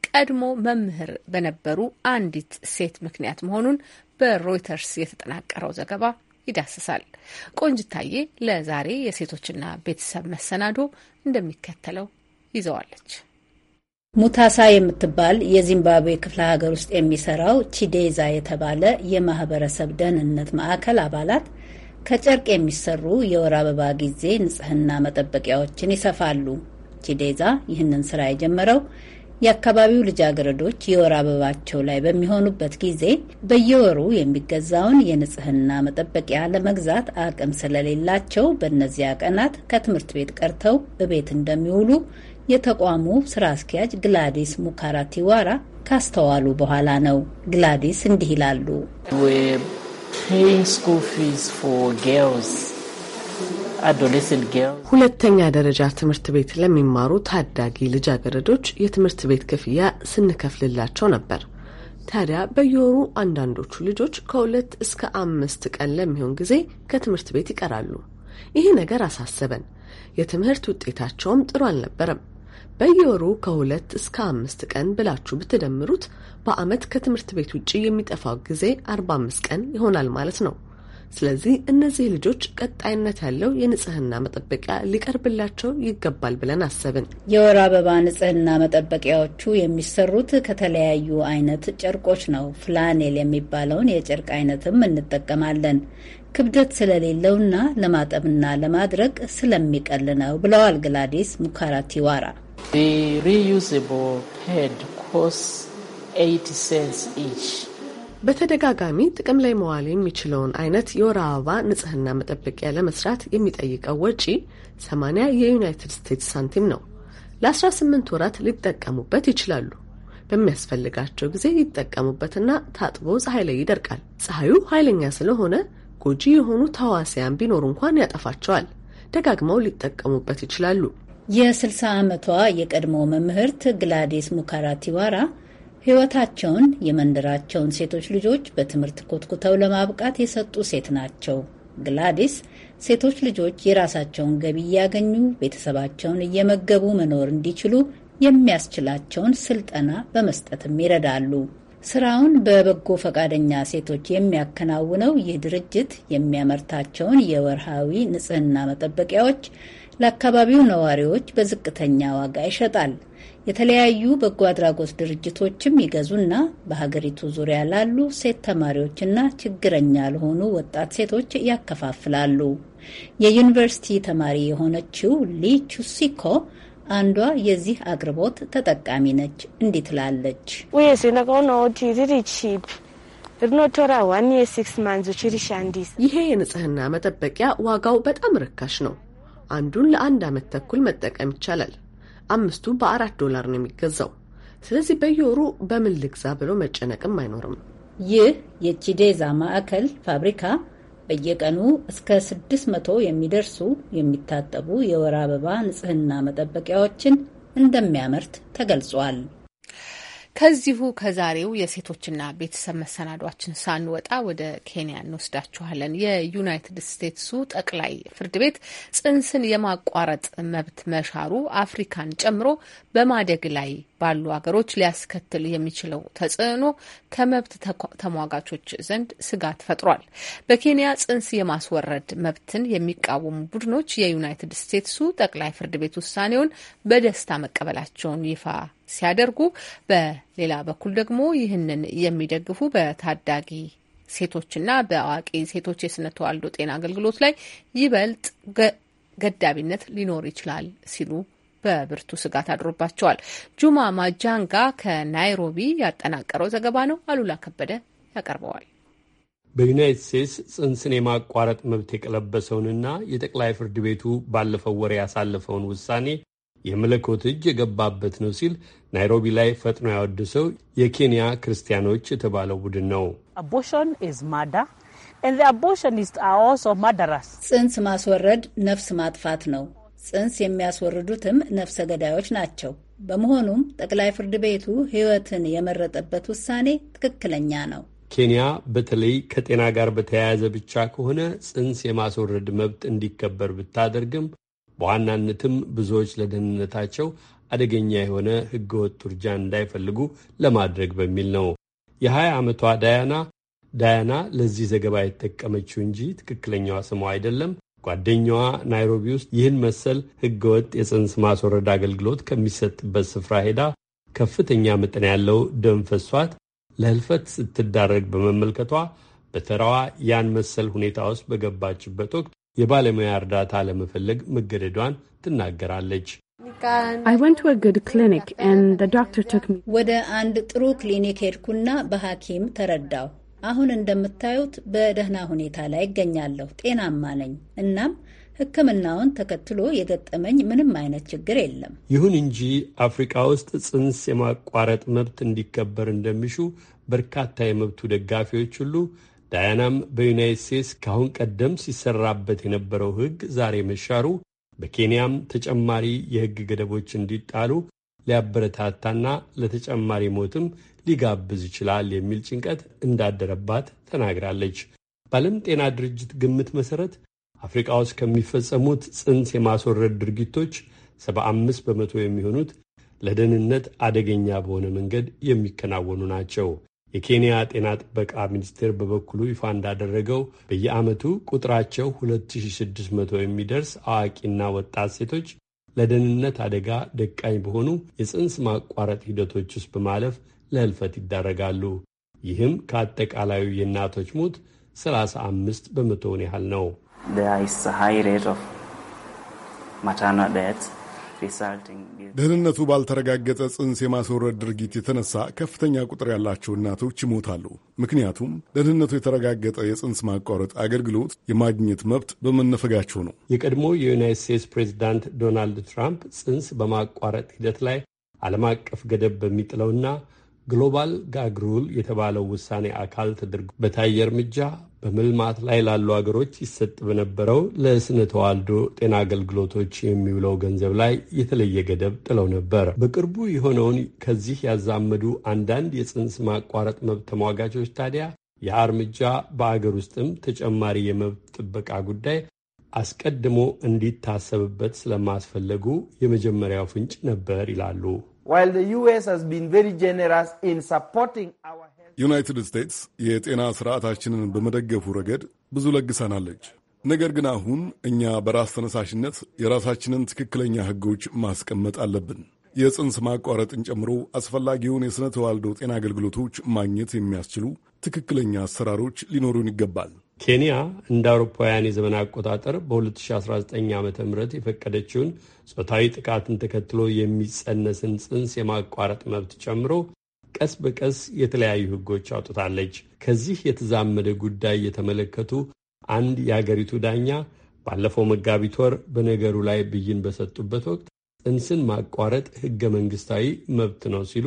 ቀድሞ መምህር በነበሩ አንዲት ሴት ምክንያት መሆኑን በሮይተርስ የተጠናቀረው ዘገባ ይዳስሳል። ቆንጅታዬ ለዛሬ የሴቶችና ቤተሰብ መሰናዶ እንደሚከተለው ይዘዋለች። ሙታሳ የምትባል የዚምባብዌ ክፍለ ሀገር ውስጥ የሚሰራው ቺዴዛ የተባለ የማህበረሰብ ደህንነት ማዕከል አባላት ከጨርቅ የሚሰሩ የወር አበባ ጊዜ ንጽህና መጠበቂያዎችን ይሰፋሉ። ቺዴዛ ይህንን ስራ የጀመረው የአካባቢው ልጃገረዶች የወር አበባቸው ላይ በሚሆኑበት ጊዜ በየወሩ የሚገዛውን የንጽህና መጠበቂያ ለመግዛት አቅም ስለሌላቸው በእነዚያ ቀናት ከትምህርት ቤት ቀርተው በቤት እንደሚውሉ የተቋሙ ስራ አስኪያጅ ግላዲስ ሙካራቲዋራ ካስተዋሉ በኋላ ነው። ግላዲስ እንዲህ ይላሉ። ሁለተኛ ደረጃ ትምህርት ቤት ለሚማሩ ታዳጊ ልጃገረዶች የትምህርት ቤት ክፍያ ስንከፍልላቸው ነበር። ታዲያ በየወሩ አንዳንዶቹ ልጆች ከሁለት እስከ አምስት ቀን ለሚሆን ጊዜ ከትምህርት ቤት ይቀራሉ። ይህ ነገር አሳሰበን። የትምህርት ውጤታቸውም ጥሩ አልነበረም። በየወሩ ከሁለት እስከ አምስት ቀን ብላችሁ ብትደምሩት በዓመት ከትምህርት ቤት ውጭ የሚጠፋው ጊዜ አርባ አምስት ቀን ይሆናል ማለት ነው። ስለዚህ እነዚህ ልጆች ቀጣይነት ያለው የንጽህና መጠበቂያ ሊቀርብላቸው ይገባል ብለን አሰብን። የወር አበባ ንጽህና መጠበቂያዎቹ የሚሰሩት ከተለያዩ አይነት ጨርቆች ነው። ፍላኔል የሚባለውን የጨርቅ አይነትም እንጠቀማለን። ክብደት ስለሌለውና ለማጠብና ለማድረግ ስለሚቀል ነው ብለዋል ግላዲስ ሙካራቲዋራ። ሪዩዝብል ሄድ ኮስ 80 በተደጋጋሚ ጥቅም ላይ መዋል የሚችለውን አይነት የወር አበባ ንጽህና መጠበቂያ ለመስራት የሚጠይቀው ወጪ 80 የዩናይትድ ስቴትስ ሳንቲም ነው። ለ18 ወራት ሊጠቀሙበት ይችላሉ። በሚያስፈልጋቸው ጊዜ ይጠቀሙበትና ታጥቦ ፀሐይ ላይ ይደርቃል። ፀሐዩ ኃይለኛ ስለሆነ ጎጂ የሆኑ ተዋሲያን ቢኖሩ እንኳን ያጠፋቸዋል። ደጋግመው ሊጠቀሙበት ይችላሉ። የ60 ዓመቷ የቀድሞ መምህርት ግላዲስ ሙካራቲዋራ ሕይወታቸውን የመንደራቸውን ሴቶች ልጆች በትምህርት ኮትኩተው ለማብቃት የሰጡ ሴት ናቸው። ግላዲስ ሴቶች ልጆች የራሳቸውን ገቢ እያገኙ ቤተሰባቸውን እየመገቡ መኖር እንዲችሉ የሚያስችላቸውን ስልጠና በመስጠትም ይረዳሉ። ስራውን በበጎ ፈቃደኛ ሴቶች የሚያከናውነው ይህ ድርጅት የሚያመርታቸውን የወርሃዊ ንጽህና መጠበቂያዎች ለአካባቢው ነዋሪዎች በዝቅተኛ ዋጋ ይሸጣል። የተለያዩ በጎ አድራጎት ድርጅቶችም ይገዙና በሀገሪቱ ዙሪያ ላሉ ሴት ተማሪዎችና ችግረኛ ለሆኑ ወጣት ሴቶች ያከፋፍላሉ። የዩኒቨርሲቲ ተማሪ የሆነችው ሊ ቹሲኮ አንዷ የዚህ አቅርቦት ተጠቃሚ ነች። እንዲህ ትላለች። ይሄ የንጽህና መጠበቂያ ዋጋው በጣም ርካሽ ነው። አንዱን ለአንድ ዓመት ተኩል መጠቀም ይቻላል። አምስቱ በአራት ዶላር ነው የሚገዛው። ስለዚህ በየወሩ በምን ልግዛ ብሎ መጨነቅም አይኖርም። ይህ የቺዴዛ ማዕከል ፋብሪካ በየቀኑ እስከ 600 የሚደርሱ የሚታጠቡ የወር አበባ ንጽህና መጠበቂያዎችን እንደሚያመርት ተገልጿል። ከዚሁ ከዛሬው የሴቶችና ቤተሰብ መሰናዷችን ሳንወጣ ወደ ኬንያ እንወስዳችኋለን። የዩናይትድ ስቴትሱ ጠቅላይ ፍርድ ቤት ጽንስን የማቋረጥ መብት መሻሩ አፍሪካን ጨምሮ በማደግ ላይ ባሉ ሀገሮች ሊያስከትል የሚችለው ተጽዕኖ ከመብት ተሟጋቾች ዘንድ ስጋት ፈጥሯል። በኬንያ ጽንስ የማስወረድ መብትን የሚቃወሙ ቡድኖች የዩናይትድ ስቴትሱ ጠቅላይ ፍርድ ቤት ውሳኔውን በደስታ መቀበላቸውን ይፋ ሲያደርጉ፣ በሌላ በኩል ደግሞ ይህንን የሚደግፉ በታዳጊ ሴቶችና በአዋቂ ሴቶች የስነ ተዋልዶ ጤና አገልግሎት ላይ ይበልጥ ገዳቢነት ሊኖር ይችላል ሲሉ በብርቱ ስጋት አድሮባቸዋል። ጁማ ማጃንጋ ከናይሮቢ ያጠናቀረው ዘገባ ነው። አሉላ ከበደ ያቀርበዋል። በዩናይትድ ስቴትስ ጽንስን የማቋረጥ መብት የቀለበሰውንና የጠቅላይ ፍርድ ቤቱ ባለፈው ወር ያሳለፈውን ውሳኔ የመለኮት እጅ የገባበት ነው ሲል ናይሮቢ ላይ ፈጥኖ ያወድሰው የኬንያ ክርስቲያኖች የተባለው ቡድን ነው። ጽንስ ማስወረድ ነፍስ ማጥፋት ነው። ጽንስ የሚያስወርዱትም ነፍሰ ገዳዮች ናቸው። በመሆኑም ጠቅላይ ፍርድ ቤቱ ሕይወትን የመረጠበት ውሳኔ ትክክለኛ ነው። ኬንያ በተለይ ከጤና ጋር በተያያዘ ብቻ ከሆነ ጽንስ የማስወረድ መብት እንዲከበር ብታደርግም በዋናነትም ብዙዎች ለደህንነታቸው አደገኛ የሆነ ህገወጥ ውርጃ እንዳይፈልጉ ለማድረግ በሚል ነው። የ20 ዓመቷ ዳያና ዳያና ለዚህ ዘገባ የተጠቀመችው እንጂ ትክክለኛዋ ስሟ አይደለም። ጓደኛዋ ናይሮቢ ውስጥ ይህን መሰል ህገወጥ የጽንስ ማስወረድ አገልግሎት ከሚሰጥበት ስፍራ ሄዳ ከፍተኛ መጠን ያለው ደም ፈሷት ለህልፈት ስትዳረግ በመመልከቷ በተራዋ ያን መሰል ሁኔታ ውስጥ በገባችበት ወቅት የባለሙያ እርዳታ ለመፈለግ መገደዷን ትናገራለች። ወደ አንድ ጥሩ ክሊኒክ ሄድኩና በሐኪም ተረዳሁ። አሁን እንደምታዩት በደህና ሁኔታ ላይ እገኛለሁ። ጤናማ ነኝ። እናም ሕክምናውን ተከትሎ የገጠመኝ ምንም አይነት ችግር የለም። ይሁን እንጂ አፍሪካ ውስጥ ጽንስ የማቋረጥ መብት እንዲከበር እንደሚሹ በርካታ የመብቱ ደጋፊዎች ሁሉ ዳያናም በዩናይት ስቴትስ ከአሁን ቀደም ሲሰራበት የነበረው ሕግ ዛሬ መሻሩ በኬንያም ተጨማሪ የሕግ ገደቦች እንዲጣሉ ሊያበረታታና ለተጨማሪ ሞትም ሊጋብዝ ይችላል የሚል ጭንቀት እንዳደረባት ተናግራለች። በዓለም ጤና ድርጅት ግምት መሠረት አፍሪቃ ውስጥ ከሚፈጸሙት ጽንስ የማስወረድ ድርጊቶች 75 በመቶ የሚሆኑት ለደህንነት አደገኛ በሆነ መንገድ የሚከናወኑ ናቸው። የኬንያ ጤና ጥበቃ ሚኒስቴር በበኩሉ ይፋ እንዳደረገው በየዓመቱ ቁጥራቸው 2600 የሚደርስ አዋቂና ወጣት ሴቶች ለደህንነት አደጋ ደቃኝ በሆኑ የጽንስ ማቋረጥ ሂደቶች ውስጥ በማለፍ ለህልፈት ይዳረጋሉ። ይህም ከአጠቃላዩ የእናቶች ሞት 35 በመቶውን ያህል ነው። ደህንነቱ ባልተረጋገጠ ጽንስ የማስወረድ ድርጊት የተነሳ ከፍተኛ ቁጥር ያላቸው እናቶች ይሞታሉ። ምክንያቱም ደህንነቱ የተረጋገጠ የጽንስ ማቋረጥ አገልግሎት የማግኘት መብት በመነፈጋቸው ነው። የቀድሞ የዩናይት ስቴትስ ፕሬዚዳንት ዶናልድ ትራምፕ ጽንስ በማቋረጥ ሂደት ላይ ዓለም አቀፍ ገደብ በሚጥለውና ግሎባል ጋግ ሩል የተባለው ውሳኔ አካል ተደርጎ በታየ እርምጃ በምልማት ላይ ላሉ አገሮች ይሰጥ በነበረው ለስነ ተዋልዶ ጤና አገልግሎቶች የሚውለው ገንዘብ ላይ የተለየ ገደብ ጥለው ነበር። በቅርቡ የሆነውን ከዚህ ያዛመዱ አንዳንድ የጽንስ ማቋረጥ መብት ተሟጋቾች ታዲያ ያ እርምጃ በአገር ውስጥም ተጨማሪ የመብት ጥበቃ ጉዳይ አስቀድሞ እንዲታሰብበት ስለማስፈለጉ የመጀመሪያው ፍንጭ ነበር ይላሉ። While the U.S. has been very generous in supporting our ዩናይትድ ስቴትስ የጤና ስርዓታችንን በመደገፉ ረገድ ብዙ ለግሳናለች። ነገር ግን አሁን እኛ በራስ ተነሳሽነት የራሳችንን ትክክለኛ ሕጎች ማስቀመጥ አለብን። የጽንስ ማቋረጥን ጨምሮ አስፈላጊውን የሥነ ተዋልዶ ጤና አገልግሎቶች ማግኘት የሚያስችሉ ትክክለኛ አሰራሮች ሊኖሩን ይገባል። ኬንያ እንደ አውሮፓውያን የዘመን አቆጣጠር በ2019 ዓ ም የፈቀደችውን ጾታዊ ጥቃትን ተከትሎ የሚጸነስን ጽንስ የማቋረጥ መብት ጨምሮ ቀስ በቀስ የተለያዩ ሕጎች አውጥታለች። ከዚህ የተዛመደ ጉዳይ የተመለከቱ አንድ የአገሪቱ ዳኛ ባለፈው መጋቢት ወር በነገሩ ላይ ብይን በሰጡበት ወቅት ጽንስን ማቋረጥ ህገ መንግስታዊ መብት ነው ሲሉ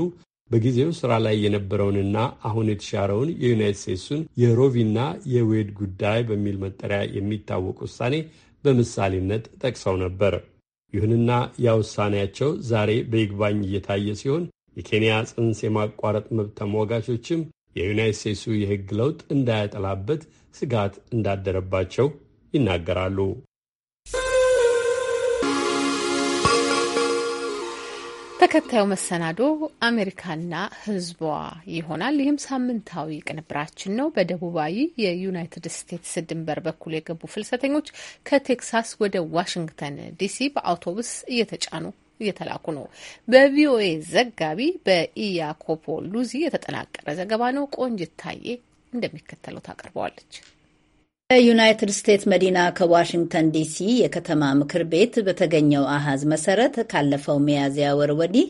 በጊዜው ስራ ላይ የነበረውንና አሁን የተሻረውን የዩናይት ስቴትሱን የሮቪና የዌድ ጉዳይ በሚል መጠሪያ የሚታወቅ ውሳኔ በምሳሌነት ጠቅሰው ነበር። ይሁንና ያ ውሳኔያቸው ዛሬ በይግባኝ እየታየ ሲሆን የኬንያ ጽንስ የማቋረጥ መብት ተሟጋቾችም የዩናይት ስቴትሱ የሕግ ለውጥ እንዳያጠላበት ስጋት እንዳደረባቸው ይናገራሉ። ተከታዩ መሰናዶ አሜሪካና ህዝቧ ይሆናል። ይህም ሳምንታዊ ቅንብራችን ነው። በደቡባዊ የዩናይትድ ስቴትስ ድንበር በኩል የገቡ ፍልሰተኞች ከቴክሳስ ወደ ዋሽንግተን ዲሲ በአውቶቡስ እየተጫኑ እየተላኩ ነው። በቪኦኤ ዘጋቢ በኢያኮፖ ሉዚ የተጠናቀረ ዘገባ ነው። ቆንጅት ታዬ እንደሚከተለው ታቀርበዋለች። በዩናይትድ ስቴትስ መዲና ከዋሽንግተን ዲሲ የከተማ ምክር ቤት በተገኘው አሃዝ መሰረት ካለፈው ሚያዝያ ወር ወዲህ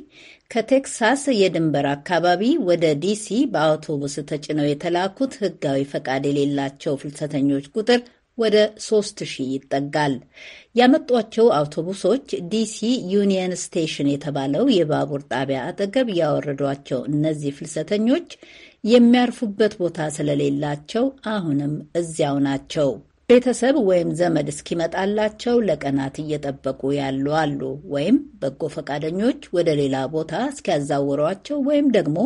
ከቴክሳስ የድንበር አካባቢ ወደ ዲሲ በአውቶቡስ ተጭነው የተላኩት ሕጋዊ ፈቃድ የሌላቸው ፍልሰተኞች ቁጥር ወደ ሶስት ሺህ ይጠጋል። ያመጧቸው አውቶቡሶች ዲሲ ዩኒየን ስቴሽን የተባለው የባቡር ጣቢያ አጠገብ ያወረዷቸው እነዚህ ፍልሰተኞች የሚያርፉበት ቦታ ስለሌላቸው አሁንም እዚያው ናቸው። ቤተሰብ ወይም ዘመድ እስኪመጣላቸው ለቀናት እየጠበቁ ያሉ አሉ። ወይም በጎ ፈቃደኞች ወደ ሌላ ቦታ እስኪያዛውሯቸው ወይም ደግሞ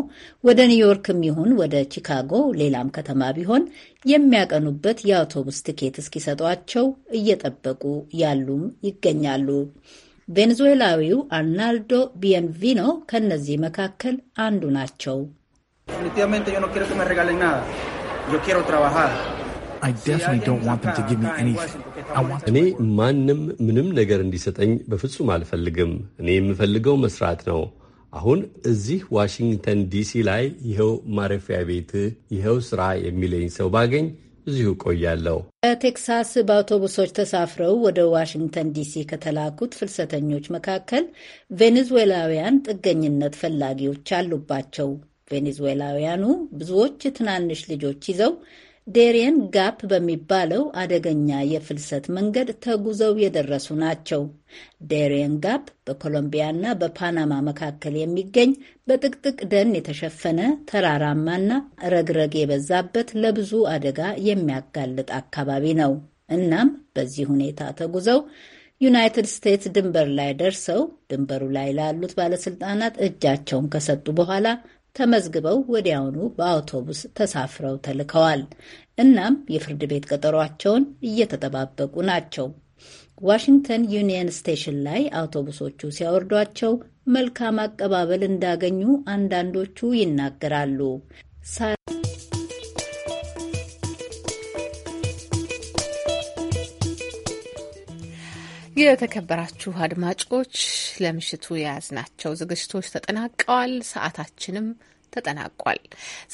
ወደ ኒውዮርክም ይሁን ወደ ቺካጎ፣ ሌላም ከተማ ቢሆን የሚያቀኑበት የአውቶቡስ ትኬት እስኪሰጧቸው እየጠበቁ ያሉም ይገኛሉ። ቬኔዙዌላዊው አርናልዶ ቢየንቪኖ ከእነዚህ መካከል አንዱ ናቸው። እኔ ማንም ምንም ነገር እንዲሰጠኝ በፍጹም አልፈልግም። እኔ የምፈልገው መስራት ነው። አሁን እዚህ ዋሽንግተን ዲሲ ላይ ይኸው ማረፊያ ቤት ይኸው ስራ የሚለኝ ሰው ባገኝ እዚሁ ቆያለሁ። በቴክሳስ በአውቶቡሶች ተሳፍረው ወደ ዋሽንግተን ዲሲ ከተላኩት ፍልሰተኞች መካከል ቬኔዙዌላውያን ጥገኝነት ፈላጊዎች አሉባቸው። ቬኔዙዌላውያኑ ብዙዎች ትናንሽ ልጆች ይዘው ዴሪየን ጋፕ በሚባለው አደገኛ የፍልሰት መንገድ ተጉዘው የደረሱ ናቸው። ዴሪየን ጋፕ በኮሎምቢያና በፓናማ መካከል የሚገኝ በጥቅጥቅ ደን የተሸፈነ ተራራማና ረግረግ የበዛበት ለብዙ አደጋ የሚያጋልጥ አካባቢ ነው። እናም በዚህ ሁኔታ ተጉዘው ዩናይትድ ስቴትስ ድንበር ላይ ደርሰው ድንበሩ ላይ ላሉት ባለስልጣናት እጃቸውን ከሰጡ በኋላ ተመዝግበው ወዲያውኑ በአውቶቡስ ተሳፍረው ተልከዋል። እናም የፍርድ ቤት ቀጠሯቸውን እየተጠባበቁ ናቸው። ዋሽንግተን ዩኒየን ስቴሽን ላይ አውቶቡሶቹ ሲያወርዷቸው መልካም አቀባበል እንዳገኙ አንዳንዶቹ ይናገራሉ። የተከበራችሁ አድማጮች ለምሽቱ የያዝናቸው ዝግጅቶች ተጠናቀዋል። ሰዓታችንም ተጠናቋል።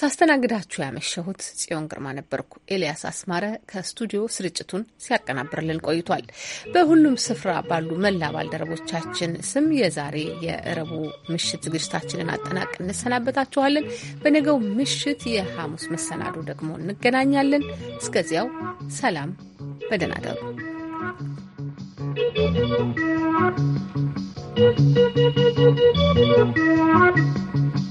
ሳስተናግዳችሁ ያመሸሁት ጽዮን ግርማ ነበርኩ። ኤልያስ አስማረ ከስቱዲዮ ስርጭቱን ሲያቀናብርልን ቆይቷል። በሁሉም ስፍራ ባሉ መላ ባልደረቦቻችን ስም የዛሬ የእረቡ ምሽት ዝግጅታችንን አጠናቅ እንሰናበታችኋለን። በነገው ምሽት የሐሙስ መሰናዶ ደግሞ እንገናኛለን። እስከዚያው ሰላም፣ በደህና you.